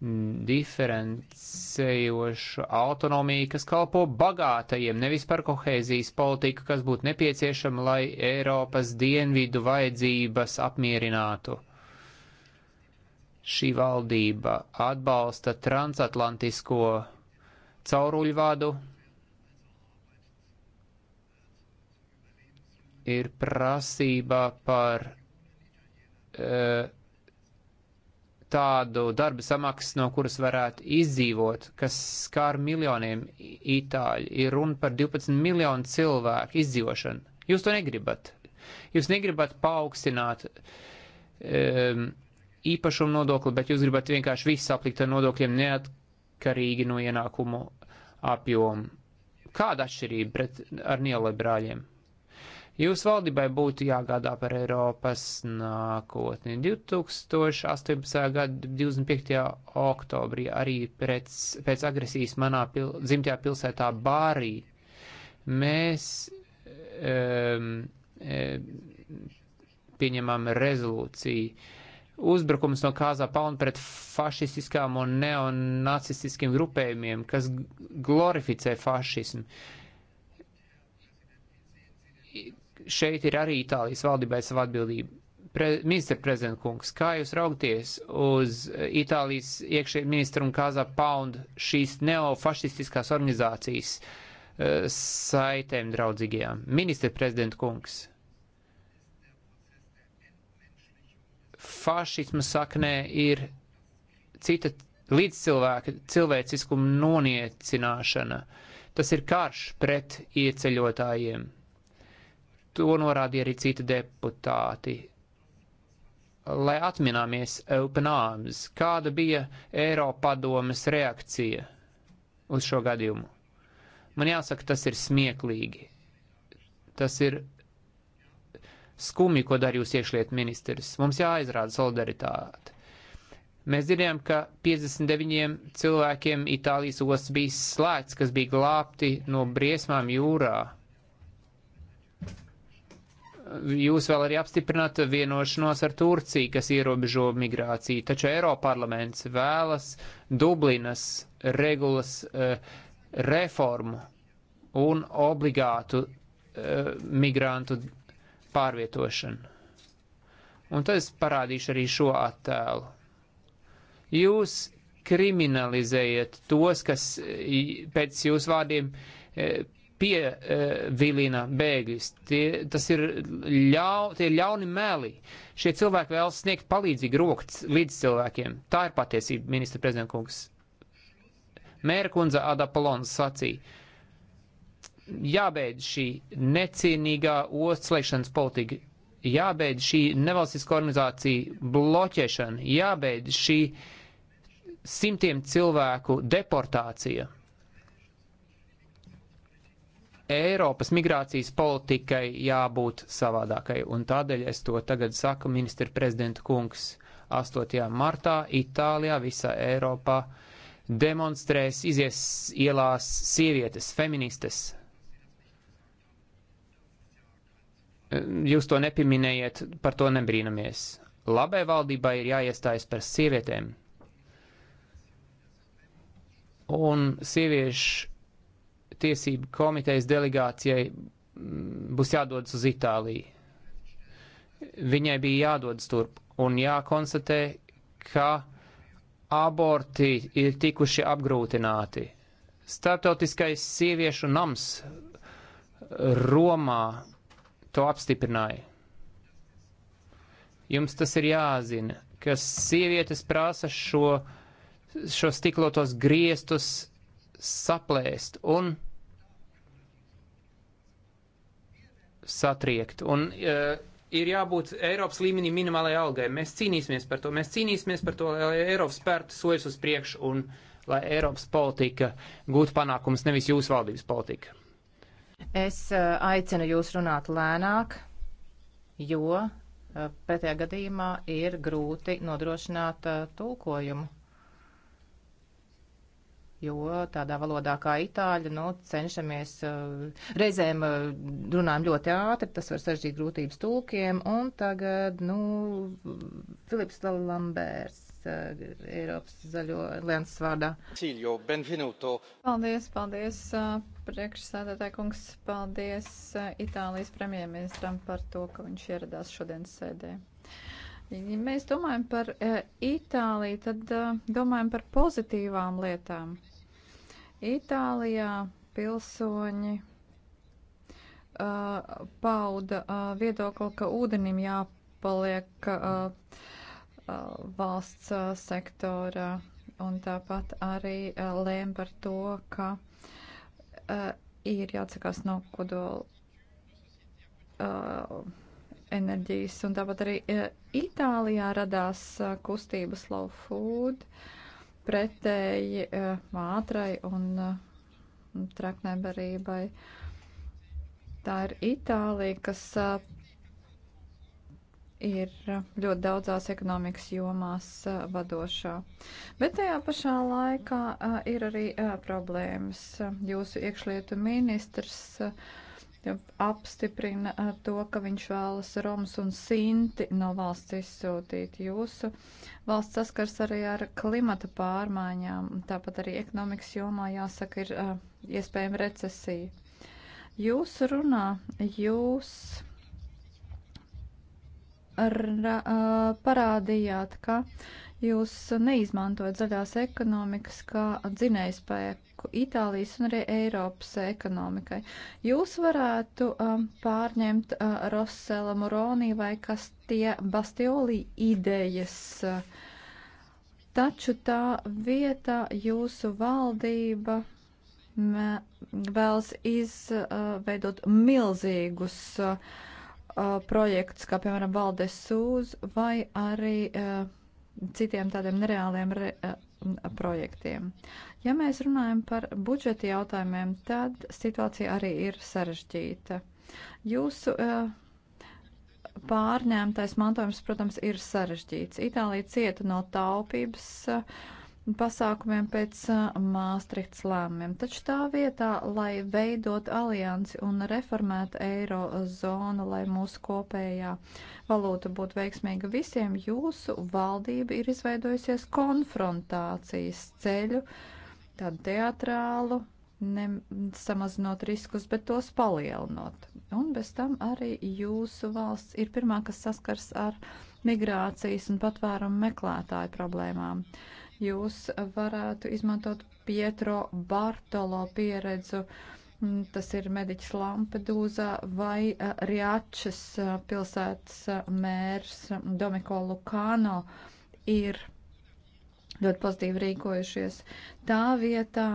diferencējošu autonomiju, kas kalpo bagātajiem, nevis par kohēzijas politiku, kas būtu nepieciešama, lai Eiropas dienvidu vajadzības apmierinātu. Šī valdība atbalsta transatlantisko cauruļvadu, ir prasība par uh, tādu darba samaksu, no kuras varētu izdzīvot, kas skār miljoniem itāļu. Ir runa par 12 miljonu cilvēku izdzīvošanu. Jūs to negribat. Jūs negribat paaugstināt um, īpašumu nodokli, bet jūs gribat vienkārši visu aplikt ar nodokļiem neatkarīgi no ienākumu apjomu. Kāda atšķirība pret, ar neoliberāļiem? Jūs valdībai būtu jāgādā par Eiropas nākotni. 2018. gada 25. oktobrī arī pēc, pēc agresijas manā pil, dzimtajā pilsētā Bārī mēs um, pieņemam rezolūciju. Uzbrukums no Kāzā Palna pret fašistiskām un neonacistiskiem grupējumiem, kas glorificē fašismu. Uh, šeit ir arī Itālijas valdībai sava atbildība. Pre, ministra prezidenta kungs, kā jūs raugties uz Itālijas iekšē ministra un Kāzā Pound šīs neofašistiskās organizācijas uh, saitēm draudzīgajām? Ministra prezidenta kungs. Fašisma saknē ir cita līdzcilvēka cilvēciskuma noniecināšana. Tas ir karš pret ieceļotājiem to norādīja arī citi deputāti. Lai atminamies Open Arms, kāda bija Eiropadomes reakcija uz šo gadījumu? Man jāsaka, tas ir smieklīgi. Tas ir skumji, ko dara jūs iekšliet ministrs. Mums jāizrāda solidaritāte. Mēs dzirdējām, ka 59 cilvēkiem Itālijas ostas bija slēgts, kas bija glābti no briesmām jūrā jūs vēl arī apstiprināt vienošanos ar Turciju, kas ierobežo migrāciju. Taču Eiroparlaments vēlas Dublinas regulas eh, reformu un obligātu eh, migrantu pārvietošanu. Un tad es parādīšu arī šo attēlu. Jūs kriminalizējat tos, kas eh, pēc jūsu vārdiem pievilina bēgļus. Tie, tas ir, ļau, tie ir ļauni meli. Šie cilvēki vēlas sniegt palīdzīgu rokas līdz cilvēkiem. Tā ir patiesība, ministra prezidenta kungs. Mēra kundze Ada Palons sacīja. Jābeidz šī necienīgā ostslēgšanas politika, jābeidz šī nevalstiskā organizācija bloķēšana, jābeidz šī simtiem cilvēku deportācija. Eiropas migrācijas politikai jābūt savādākai, un tādēļ es to tagad saku ministra prezidenta kungs 8. martā Itālijā visā Eiropā demonstrēs, izies ielās sievietes, feministes. Jūs to nepieminējiet, par to nebrīnamies. Labai valdībai ir jāiestājas par sievietēm. Un sieviešu tiesību komitejas delegācijai mm, būs jādodas uz Itāliju. Viņai bija jādodas turp un jākonstatē, ka aborti ir tikuši apgrūtināti. Startautiskais sieviešu nams Romā to apstiprināja. Jums tas ir jāzina, ka sievietes prasa šo, šo stiklotos griestus saplēst un satriekt. Un uh, ir jābūt Eiropas līmenī minimālajai algai. Mēs cīnīsimies par to. Mēs cīnīsimies par to, lai Eiropa spērtu soļus uz priekšu un lai Eiropas politika gūtu panākumus, nevis jūsu valdības politika. Es uh, aicinu jūs runāt lēnāk, jo uh, pretējā gadījumā ir grūti nodrošināt uh, tulkojumu jo tādā valodā kā itāļi, nu, cenšamies eh, reizēm eh, runājam ļoti ātri, tas var sažģīt grūtības tulkiem, un tagad, nu, Filips Lambērs. Eh, Eiropas zaļo alianses vārdā. Cīļo, benvenuto. Paldies, paldies, priekšsēdētāji kungs, paldies Itālijas premjerministram par to, ka viņš ieradās šodien sēdē. Ja mēs domājam par Itāliju, tad domājam par pozitīvām lietām. Itālijā pilsoņi uh, pauda uh, viedokli, ka ūdenim jāpaliek uh, uh, valsts uh, sektorā, un tāpat arī uh, lēma par to, ka uh, ir jāatsakās no kodola uh, enerģijas, un tāpat arī uh, Itālijā radās uh, kustība Slow Food. Uh, pretēji eh, ātrai un eh, traknebarībai. Tā ir Itālija, kas eh, ir ļoti daudzās ekonomikas jomās vadošā. Bet tajā pašā laikā ir arī problēmas. Jūsu iekšlietu ministrs. Uh, apstiprina eh, to, ka viņš vēlas Romas un Sinti no valsts izsūtīt. Jūsu valsts saskars arī ar klimata pārmaiņām, tāpat arī ekonomikas jomā jāsaka ir uh, iespējama recesija. Jūsu runā jūs ar, uh, eh, parādījāt, ka jūs neizmantojat zaļās ekonomikas kā dzinējspēku Itālijas un arī Eiropas ekonomikai. Jūs varētu um, pārņemt uh, Rossella Moroni vai kas tie Bastioli idejas. Uh, Taču tā vietā jūsu valdība vēlas izveidot uh, milzīgus uh, uh, projektus, kā piemēram Valdes Sūz vai arī citiem tādiem nereāliem re, eh, projektiem. Ja mēs runājam par budžeta jautājumiem, tad situācija arī ir sarežģīta. Jūsu eh, pārņēmtais mantojums, protams, ir sarežģīts. Itālija cieta no taupības. Uh, pasākumiem pēc Māstrihts lēmumiem. Taču tā vietā, lai veidot aliansi un reformētu eirozonu, lai mūsu kopējā valūta būtu veiksmīga visiem, jūsu valdība ir izveidojusies konfrontācijas ceļu, tādu teatrālu, nesamazinot riskus, bet tos palielinot. Un bez tam arī jūsu valsts ir pirmā, kas saskars ar migrācijas un patvērumu meklētāju problēmām. Uh, jūs varētu izmantot Pietro Bartolo pieredzu. Mm, tas ir mediķis Lampedūzā vai Riačas pilsētas mērs Domiko Lukano ir ļoti pozitīvi rīkojušies. Tā vietā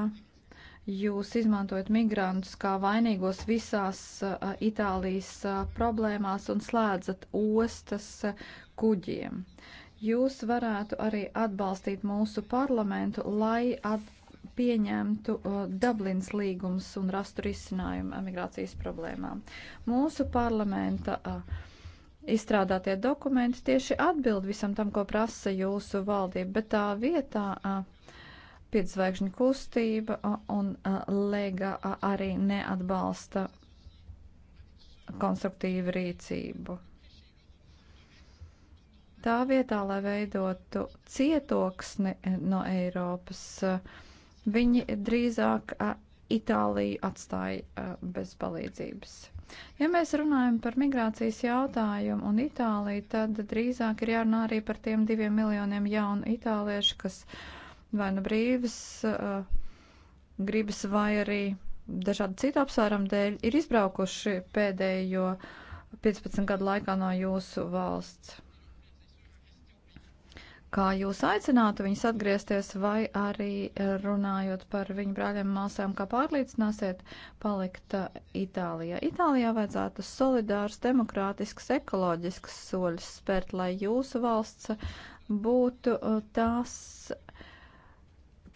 jūs izmantojat migrantus kā vainīgos visās uh, Itālijas uh, problēmās un slēdzat ostas uh, kuģiem. Uh, jūs varētu arī atbalstīt mūsu parlamentu, lai pieņemtu uh, Dublins līgums un rastu risinājumu emigrācijas problēmām. Mūsu parlamenta uh, izstrādātie dokumenti tieši atbild visam tam, ko prasa jūsu valdība, bet tā vietā uh, piedzvēkšņu kustība uh, un uh, lega uh, arī neatbalsta konstruktīvu rīcību. Tā vietā, lai veidotu cietoksni no Eiropas, viņi drīzāk Itāliju atstāja bez palīdzības. Ja mēs runājam par migrācijas jautājumu un Itāliju, tad drīzāk ir jārunā arī par tiem diviem miljoniem jaunu itāliešu, kas vai nu brīvas gribas vai arī dažādu citu apsvērumu dēļ ir izbraukuši pēdējo 15 gadu laikā no jūsu valsts kā jūs aicinātu viņus atgriezties, vai arī eh, runājot par viņu brāļiem māsām, kā pārliecināsiet palikt eh, Itālijā. Itālijā vajadzētu solidārus, demokrātisks, ekoloģisks soļus spērt, lai jūsu valsts būtu eh, tās.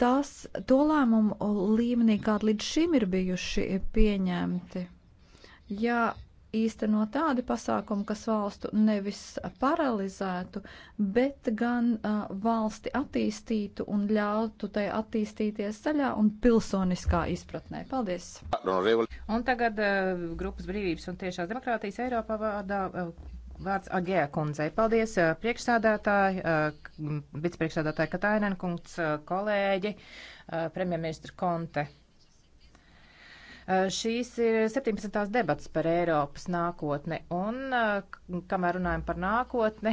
Tās to lēmumu līmenī, kāda līdz šim ir bijuši pieņemti, jā, īsteno tādi pasākumi, kas valstu nevis paralizētu, bet gan uh, valsti attīstītu un ļautu tai attīstīties ceļā un pilsoniskā izpratnē. Paldies! Un tagad uh, grupas brīvības un tiešās demokrātijas Eiropā vārdā. Uh, Vārds Agē kundzei. Paldies priekšsādātāji, vicepriekšsādātāji Katainen kungs, kolēģi, premjerministra Konte. Šīs ir 17. debats par Eiropas nākotni, un kamēr runājam par nākotni,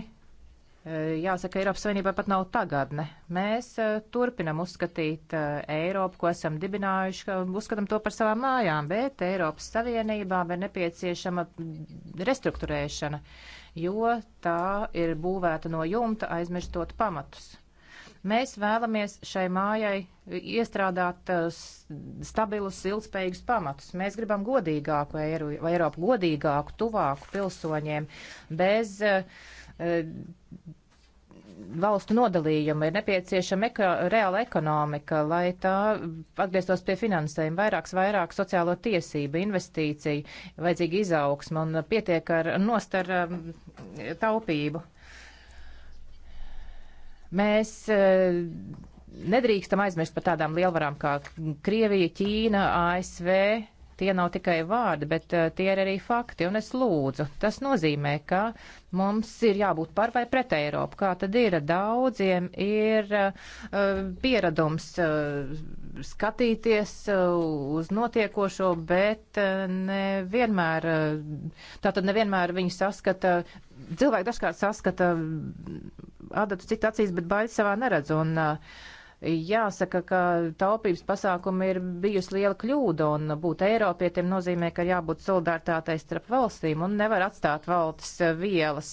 Jāsaka, Eiropas Savienībai pat nav tagadne. Mēs turpinam uzskatīt Eiropu, ko esam dibinājuši, uzskatām to par savām mājām, bet Eiropas Savienībām ir nepieciešama restruktūrēšana, jo tā ir būvēta no jumta aizmirstot pamatus. Mēs vēlamies šai mājai iestrādāt eh, stabilus, ilgspējīgus pamatus. Mēs gribam godīgāku Eiru, vai Eiropu godīgāku, tuvāku pilsoņiem, bez eh, eh, valstu nodalījuma, ir nepieciešama eko, reāla ekonomika, lai tā atgrieztos pie finansējuma, vairāks, vairāk sociālo tiesību, investīciju, vajadzīga izaugsma un pietiek ar nostar mm, taupību. Mēs eh, nedrīkstam aizmirst par tādām lielvarām kā Krievija, Ķīna, ASV, tie nav tikai vārdi, bet eh, tie ir arī fakti, un es lūdzu. Tas nozīmē, ka mums ir jābūt par vai pret Eiropu. Kā tad ir? Daudziem ir uh, eh, pieradums uh, eh, skatīties uh, uz notiekošo, bet uh, nevienmēr, uh, tātad nevienmēr viņi saskata, cilvēki dažkārt saskata mm, adatu citu acīs, bet baļķi savā neredz. Un, uh, Jāsaka, ka taupības pasākumi ir bijusi liela kļūda, un būt Eiropietiem nozīmē, ka jābūt solidaritātei starp valstīm un nevar atstāt valtis vielas.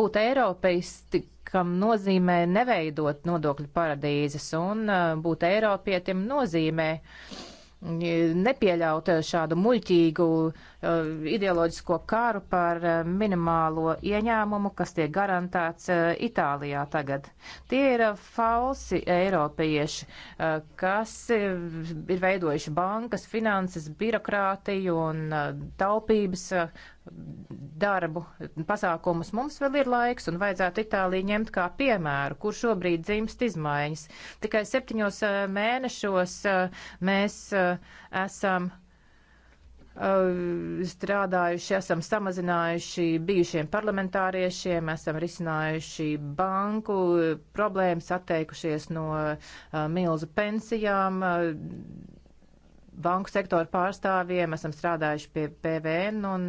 Būt Eiropeisti, kam nozīmē neveidot nodokļu paradīzes, un uh, būt Eiropietiem nozīmē eh, nepieļaut eh, šādu muļķīgu uh, Eh, ideoloģisko kāru par eh, minimālo ieņēmumu, kas tiek garantēts eh, Itālijā tagad. Tie ir falsi eiropieši, kas ir veidojuši bankas, finanses, birokrātiju un taupības darbu, pasākumus mums vēl ir laiks un vajadzētu Itāliju ņemt kā piemēru, kur šobrīd dzimst izmaiņas. Tikai septiņos mēnešos mēs esam Uh, strādājuši, esam samazinājuši bijušiem parlamentāriešiem, esam risinājuši banku problēmas, atteikušies no uh, milzu pensijām, uh, banku sektoru pārstāvjiem, esam strādājuši pie PVN un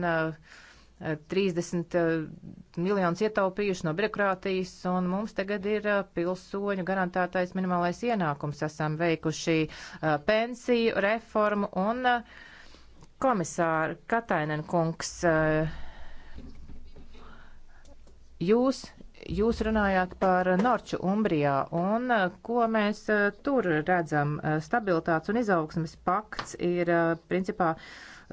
30 miljonus ietaupījuši no birokrātijas, un mums tagad ir pilsoņu garantētais minimālais ienākums. Esam veikuši pensiju reformu un uh, komisāri Katainen kungs, eh, jūs, jūs runājāt par Norču Umbrijā, un eh, ko mēs eh, tur redzam? Stabilitātes un izaugsmes pakts ir principā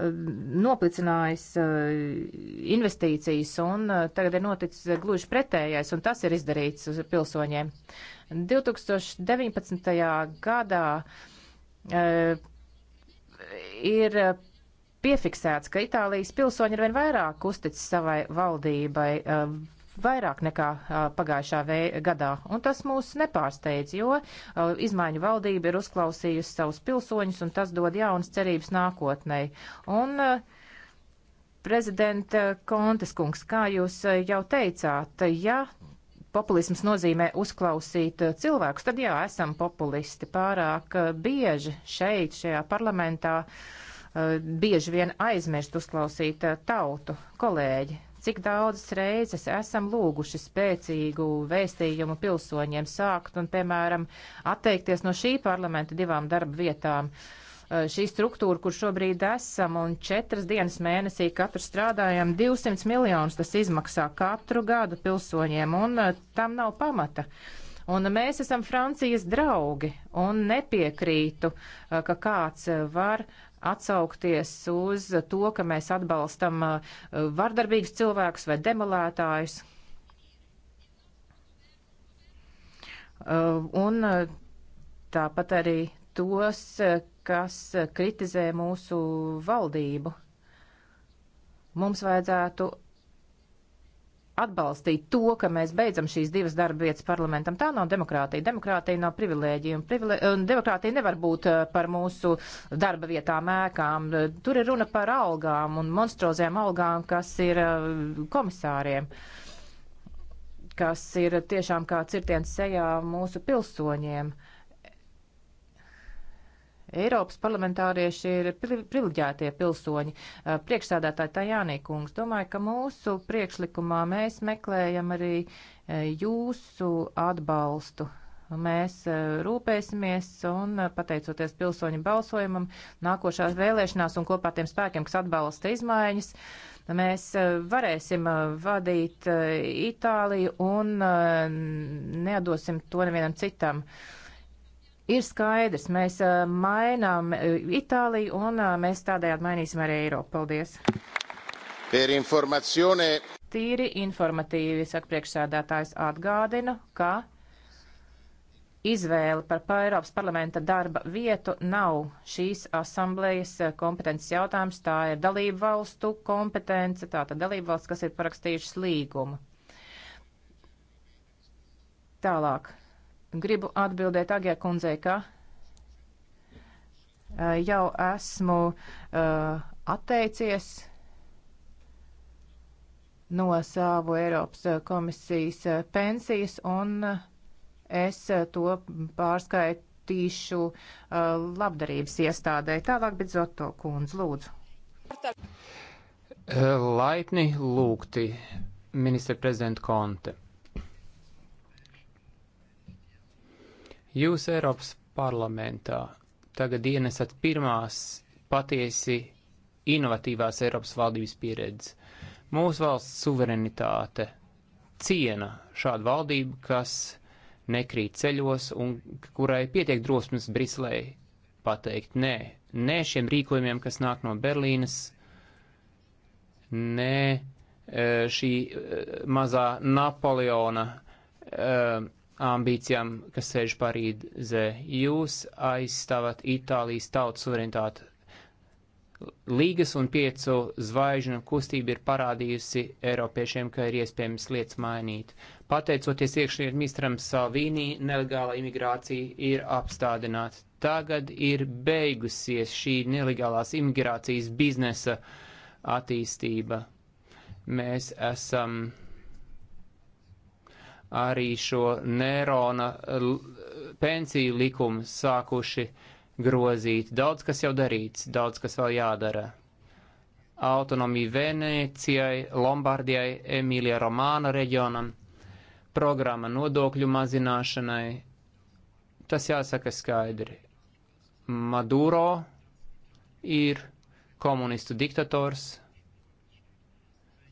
noplicinājis investīcijas, un tagad ir noticis gluži pretējais, un tas ir izdarīts uz pilsoņiem. 2019. gadā ir piefiksēts, ka Itālijas pilsoņi ir vien vairāk uztic savai valdībai, eh, vairāk nekā eh, pagājušā gadā. Un tas mūs nepārsteidz, jo eh, izmaiņu valdība ir uzklausījusi savus pilsoņus, un tas dod jaunas cerības nākotnē. Un, Prezidenta Kontes kungs, kā jūs jau teicāt, ja populisms nozīmē uzklausīt cilvēkus, tad jā, esam populisti pārāk bieži šeit, šajā parlamentā. Uh, bieži vien aizmirst uzklausīt eh, tautu, kolēģi. Cik daudzas reizes esam lūguši spēcīgu vēstījumu pilsoņiem sākt un, piemēram, atteikties no šī parlamenta divām darba vietām. Eh, šī struktūra, kur šobrīd esam, un četras dienas mēnesī katru strādājam, 200 miljonus tas izmaksā katru gadu pilsoņiem, un eh, tam nav pamata. Un mēs esam Francijas draugi un nepiekrītu, ka kāds var uh, atsaukties uz to, ka mēs atbalstam uh, vardarbīgus cilvēkus vai demolētājus. Uh, un uh, tāpat arī tos, kas kritizē mūsu valdību. Mums vajadzētu atbalstīt to, ka mēs beidzam šīs divas darba vietas parlamentam. Tā nav demokrātija. Demokrātija nav privilēģija. Un, privilē... un demokrātija nevar būt eh, par mūsu darba vietām, ēkām. Tur ir runa par algām un monstrozēm algām, kas ir eh, komisāriem kas ir tiešām kā cirtiens sejā mūsu pilsoņiem. Uh, Eiropas parlamentārieši ir privileģētie pilsoņi. Priekšsēdētāji Tajānī kungs, domāju, ka mūsu priekšlikumā mēs meklējam arī jūsu atbalstu. Mēs rūpēsimies un, pateicoties pilsoņu balsojumam, nākošās vēlēšanās un kopā tiem spēkiem, kas atbalsta izmaiņas, mēs varēsim vadīt Itāliju un nedosim to nevienam citam. Uh, ir skaidrs. Mēs mainām Itāliju un mēs tādējādi mainīsim arī Eiropu. Paldies! Per informazione. Tīri informatīvi, saka priekšsēdētājs, atgādina, ka izvēle par Eiropas parlamenta darba vietu nav šīs asamblejas kompetences jautājums, tā ir dalību valstu kompetence, tātad dalību valsts, kas ir parakstījušas līgumu. Tālāk. Gribu atbildēt Agē kundzei, ka eh, jau esmu eh, atteicies no savu Eiropas eh, komisijas pensijas, un es to pārskaitīšu labdarības iestādē. Tālāk, bet Zoto kundz, lūdzu. Laipni lūgti ministra prezidenta Konte. Jūs Eiropas parlamentā tagad ienesat pirmās patiesi inovatīvās Eiropas valdības pieredzes. Mūsu valsts suverenitāte ciena šādu valdību, kas nekrīt ceļos un kurai pietiek drosmes Briselē pateikt nē, nē šiem rīkojumiem, kas nāk no Berlīnas, nē eh, šī eh, mazā Napoleona eh, ambīcijām, kas sēž parīdzē. Jūs aizstāvat Itālijas tautas suverenitāti. Līgas un piecu zvaigžņu kustība ir parādījusi Eiropiešiem, ka ir iespējams lietas mainīt. Pateicoties iekšlietu ministram Salvīnī, nelegāla imigrācija ir apstādināta. Tagad ir beigusies šī nelegālās imigrācijas biznesa attīstība. Mēs esam arī šo neirona eh, pensiju likumu sākuši grozīt. Daudz kas jau darīts, daudz kas vēl jādara. Autonomija Venecijai, Lombardijai, Emīlijā Romāna reģionam, programma nodokļu mazināšanai. Tas jāsaka skaidri. Maduro ir komunistu diktators,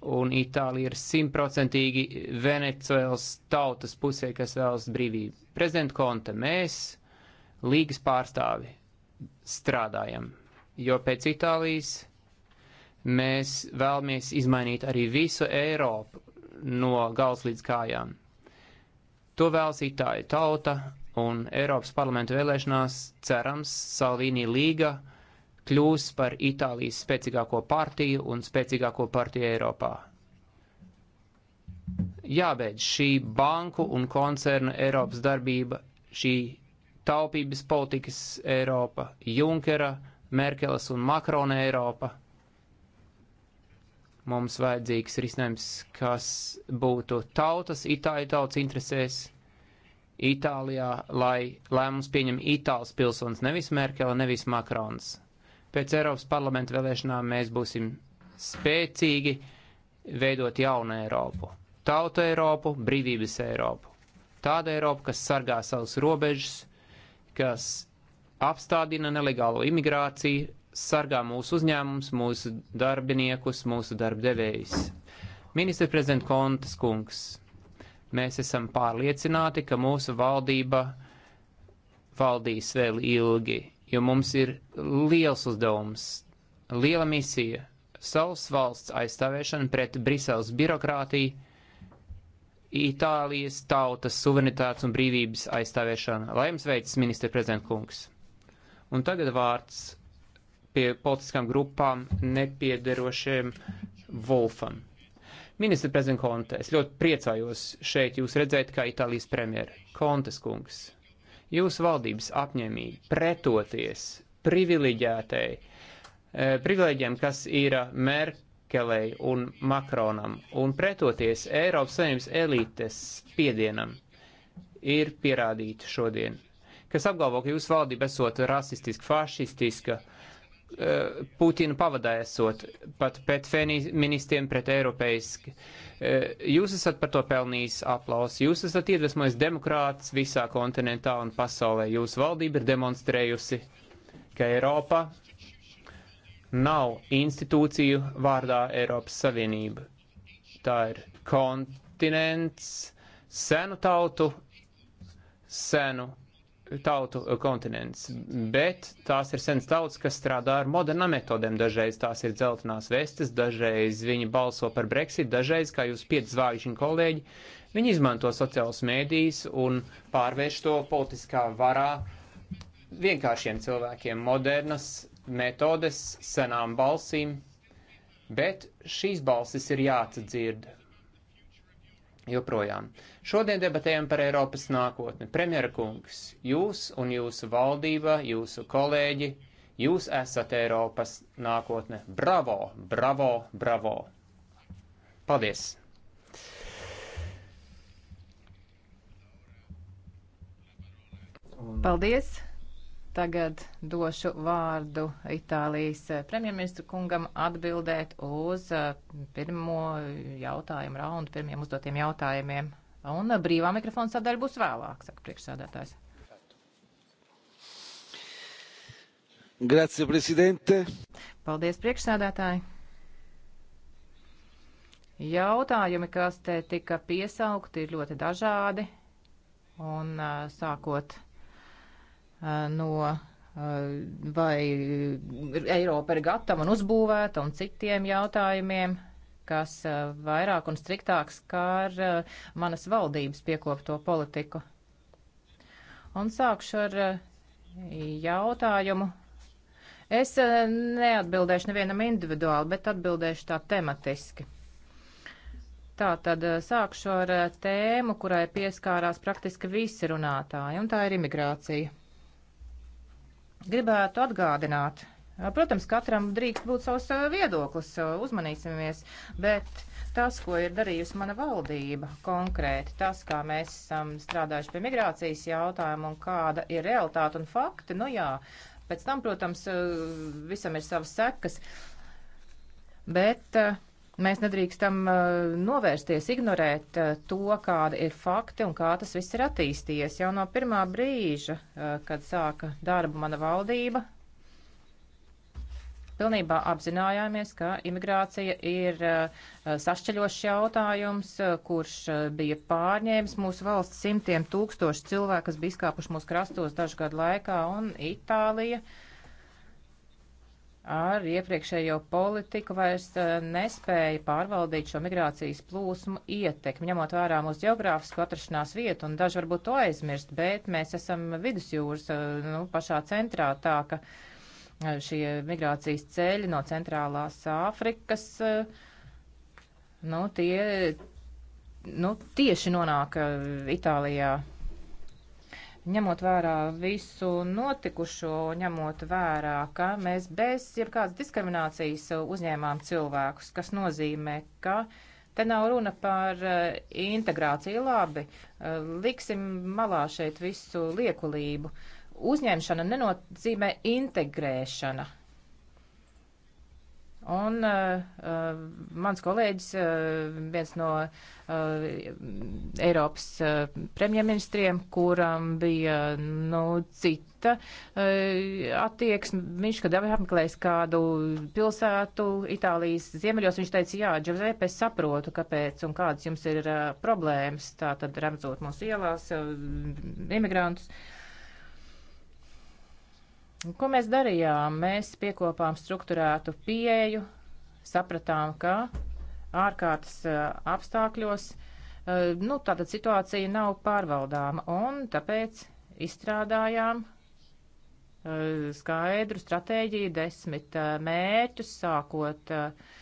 un Itālija ir simtprocentīgi Venecuēlas tautas pusē, kas vēlas brīvību. Prezident Konta, mēs, līgas pārstāvi, strādājam, jo pēc Itālijas mēs vēlamies izmainīt arī visu Eiropu no gals līdz kājām. To vēlas Itāļu tauta un Eiropas parlamentu vēlēšanās cerams Salvīnī līga kļūs par Itālijas spēcīgāko partiju un spēcīgāko partiju Eiropā. Jābeidz šī banku un koncernu Eiropas darbība, šī taupības politikas Eiropa, Junkera, Merkeles un Makrona Eiropa. Mums vajadzīgs risinājums, kas būtu tautas, itāļu tautas interesēs, Itālijā, lai lēmums pieņem Itālijas pilsonis, nevis Merkele, nevis Makrons. Pēc Eiropas parlamenta vēlēšanām mēs būsim spēcīgi veidot jaunu Eiropu. Tautu Eiropu, brīvības Eiropu. Tāda Eiropa, kas sargā savus robežas, kas apstādina nelegālo imigrāciju, sargā mūsu uzņēmums, mūsu darbiniekus, mūsu darbdevējus. Ministra prezidenta Kontas kungs, mēs esam pārliecināti, ka mūsu valdība valdīs vēl ilgi jo mums ir liels uzdevums, liela misija - savas valsts aizstāvēšana pret Briseles birokrātiju, Itālijas tautas suverenitātes un brīvības aizstāvēšana. Lai jums veicas, ministra prezidentkungs! Un tagad vārds pie politiskām grupām nepiederošiem Wolfam. Ministra prezidenta Konte, es ļoti priecājos šeit jūs redzēt kā Itālijas premjera. Kontes kungs, Jūsu valdības apņēmība pretoties privileģētai, e, privileģiem, kas ir Merkelei un Makronam, un pretoties Eiropas Savienības elites spiedienam, ir pierādīta šodien, kas apgalvo, ka jūsu valdība esot rasistiska, fašistiska, uh, Eh, Putinu pavadā esot, pat pret feministiem, pret eiropeiski. Eh, jūs esat par to pelnījis aplausu, jūs esat iedvesmojis demokrāts visā kontinentā un pasaulē. Jūsu valdība ir demonstrējusi, ka Eiropa nav institūciju vārdā Eiropas Savienība. Tā ir kontinents, senu tautu, senu tautu kontinents, bet tās ir senas tautas, kas strādā ar modernām metodēm. Dažreiz tās ir dzeltenās vestes, dažreiz viņi balso par Brexit, dažreiz, kā jūs piedzvājušiņi kolēģi, viņi izmanto sociālus mēdījus un pārvērš to politiskā varā vienkāršiem cilvēkiem modernas metodes, senām balsīm, bet šīs balsis ir jāatdzird joprojām. Šodien debatējam par Eiropas nākotni. Premjera kungs, jūs un jūsu valdība, jūsu kolēģi, jūs esat Eiropas nākotne. Bravo, bravo, bravo! Paldies! Paldies! Tagad došu vārdu Itālijas eh, premjerministru kungam atbildēt uz eh, pirmo jautājumu raundu, pirmiem uzdotiem jautājumiem. Un eh, brīvā mikrofona sadaļa būs vēlāk, saka priekšsādātājs. Grazie, prezidente. Paldies, priekšsādātāji. Jautājumi, kas te tika piesaukti, ir ļoti dažādi. Un sākot no eh, vai Eiropa ir gatava un uzbūvēta un citiem jautājumiem, kas eh, vairāk un striktāk skār eh, manas valdības piekopto politiku. Un sākšu ar jautājumu. Es neatbildēšu nevienam individuāli, bet atbildēšu tā tematiski. Tā tad sākšu ar tēmu, kurai pieskārās praktiski visi runātāji, un tā ir imigrācija gribētu atgādināt. Protams, katram drīkst būt savs eh, viedoklis, eh, uzmanīsimies, bet tas, ko ir darījusi mana valdība konkrēti, tas, kā mēs esam strādājuši pie migrācijas jautājumu un kāda ir realitāte un fakti, nu jā, pēc tam, protams, eh, visam ir savas sekas, bet uh, Mēs nedrīkstam eh, novērsties, ignorēt eh, to, kāda ir fakti un kā tas viss ir attīstījies. Jau no pirmā brīža, eh, kad sāka darbu mana valdība, pilnībā apzinājāmies, ka imigrācija ir sašķeļošs jautājums, kurš bija pārņēmis mūsu valsts simtiem tūkstoši cilvēku, kas bija izkāpuši mūsu krastos dažu gadu laikā, un Itālija. Uh, ar iepriekšējo politiku vairs e, nespēja pārvaldīt šo migrācijas plūsmu ietekmi, ņemot vērā mūsu geogrāfisko atrašanās vietu, un daži varbūt to aizmirst, bet mēs esam vidusjūras e, nu, pašā centrā, tā ka e, šie migrācijas ceļi no centrālās Āfrikas, nu, tie, nu, tieši nonāk Itālijā ņemot vērā visu notikušo, ņemot vērā, ka mēs bez jebkādas diskriminācijas uzņēmām cilvēkus, kas nozīmē, ka te nav runa par eh, integrāciju labi, eh, liksim malā šeit visu liekulību. Uzņemšana nenozīmē integrēšana. Un uh, uh, mans kolēģis, uh, viens no uh, Eiropas uh, premjerministriem, kuram bija nu, cita uh, attieksme, viņš, kad apmeklējis kādu pilsētu Itālijas ziemeļos, viņš teica, jā, Džavzēp, es saprotu, kāpēc un kādas jums ir uh, problēmas, tā tad remzot mūsu ielās, uh, imigrantus. Uh, Ko mēs darījām? Mēs piekopām struktūrētu pieeju, sapratām, ka ārkārtas eh, apstākļos eh, nu, tāda situācija nav pārvaldāma, un tāpēc izstrādājām eh, skaidru stratēģiju, desmit mērķus, sākot uh,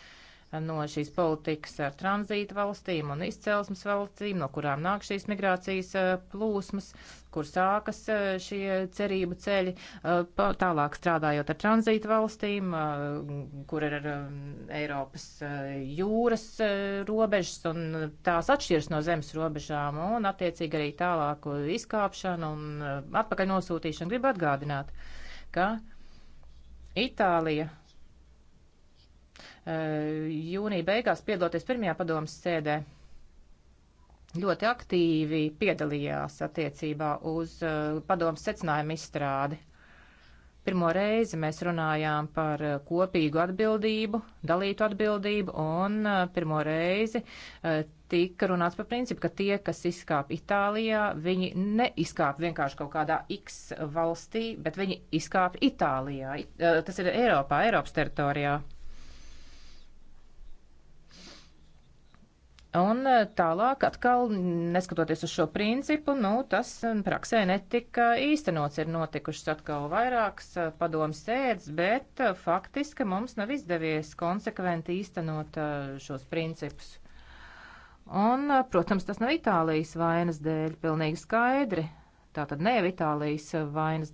no šīs politikas ar tranzītu valstīm un izcelsmes valstīm, no kurām nāk šīs migrācijas eh, plūsmas, kur sākas eh, šie cerību ceļi, eh, tālāk strādājot ar tranzītu valstīm, kur ir Eiropas jūras robežas un tās atšķiras no zemes robežām un attiecīgi arī tālāku izkāpšanu un atpakaļ nosūtīšanu. Gribu atgādināt, ka Itālija Eh, jūnija beigās piedaloties pirmajā padomas sēdē ļoti aktīvi piedalījās attiecībā uz eh, padomas secinājumu izstrādi. Pirmo reizi mēs runājām par eh, kopīgu atbildību, dalītu atbildību, un pirmo reizi tika runāts par principu, ka tie, kas izkāp Itālijā, viņi neizkāp vienkārši kaut kādā X valstī, bet viņi izkāp Itālijā. Tas ir Eiropā, Eiropas teritorijā. Un eh, tālāk atkal, neskatoties uz šo principu, nu, tas mm, praksē netika īstenots. Ir notikušas atkal vairākas eh, padomas sēdes, bet eh, faktiski mums nav izdevies konsekventi īstenot šos principus. Un, protams, tas nav Itālijas vainas dēļ, pilnīgi skaidri. Tā tad ne Itālijas vainas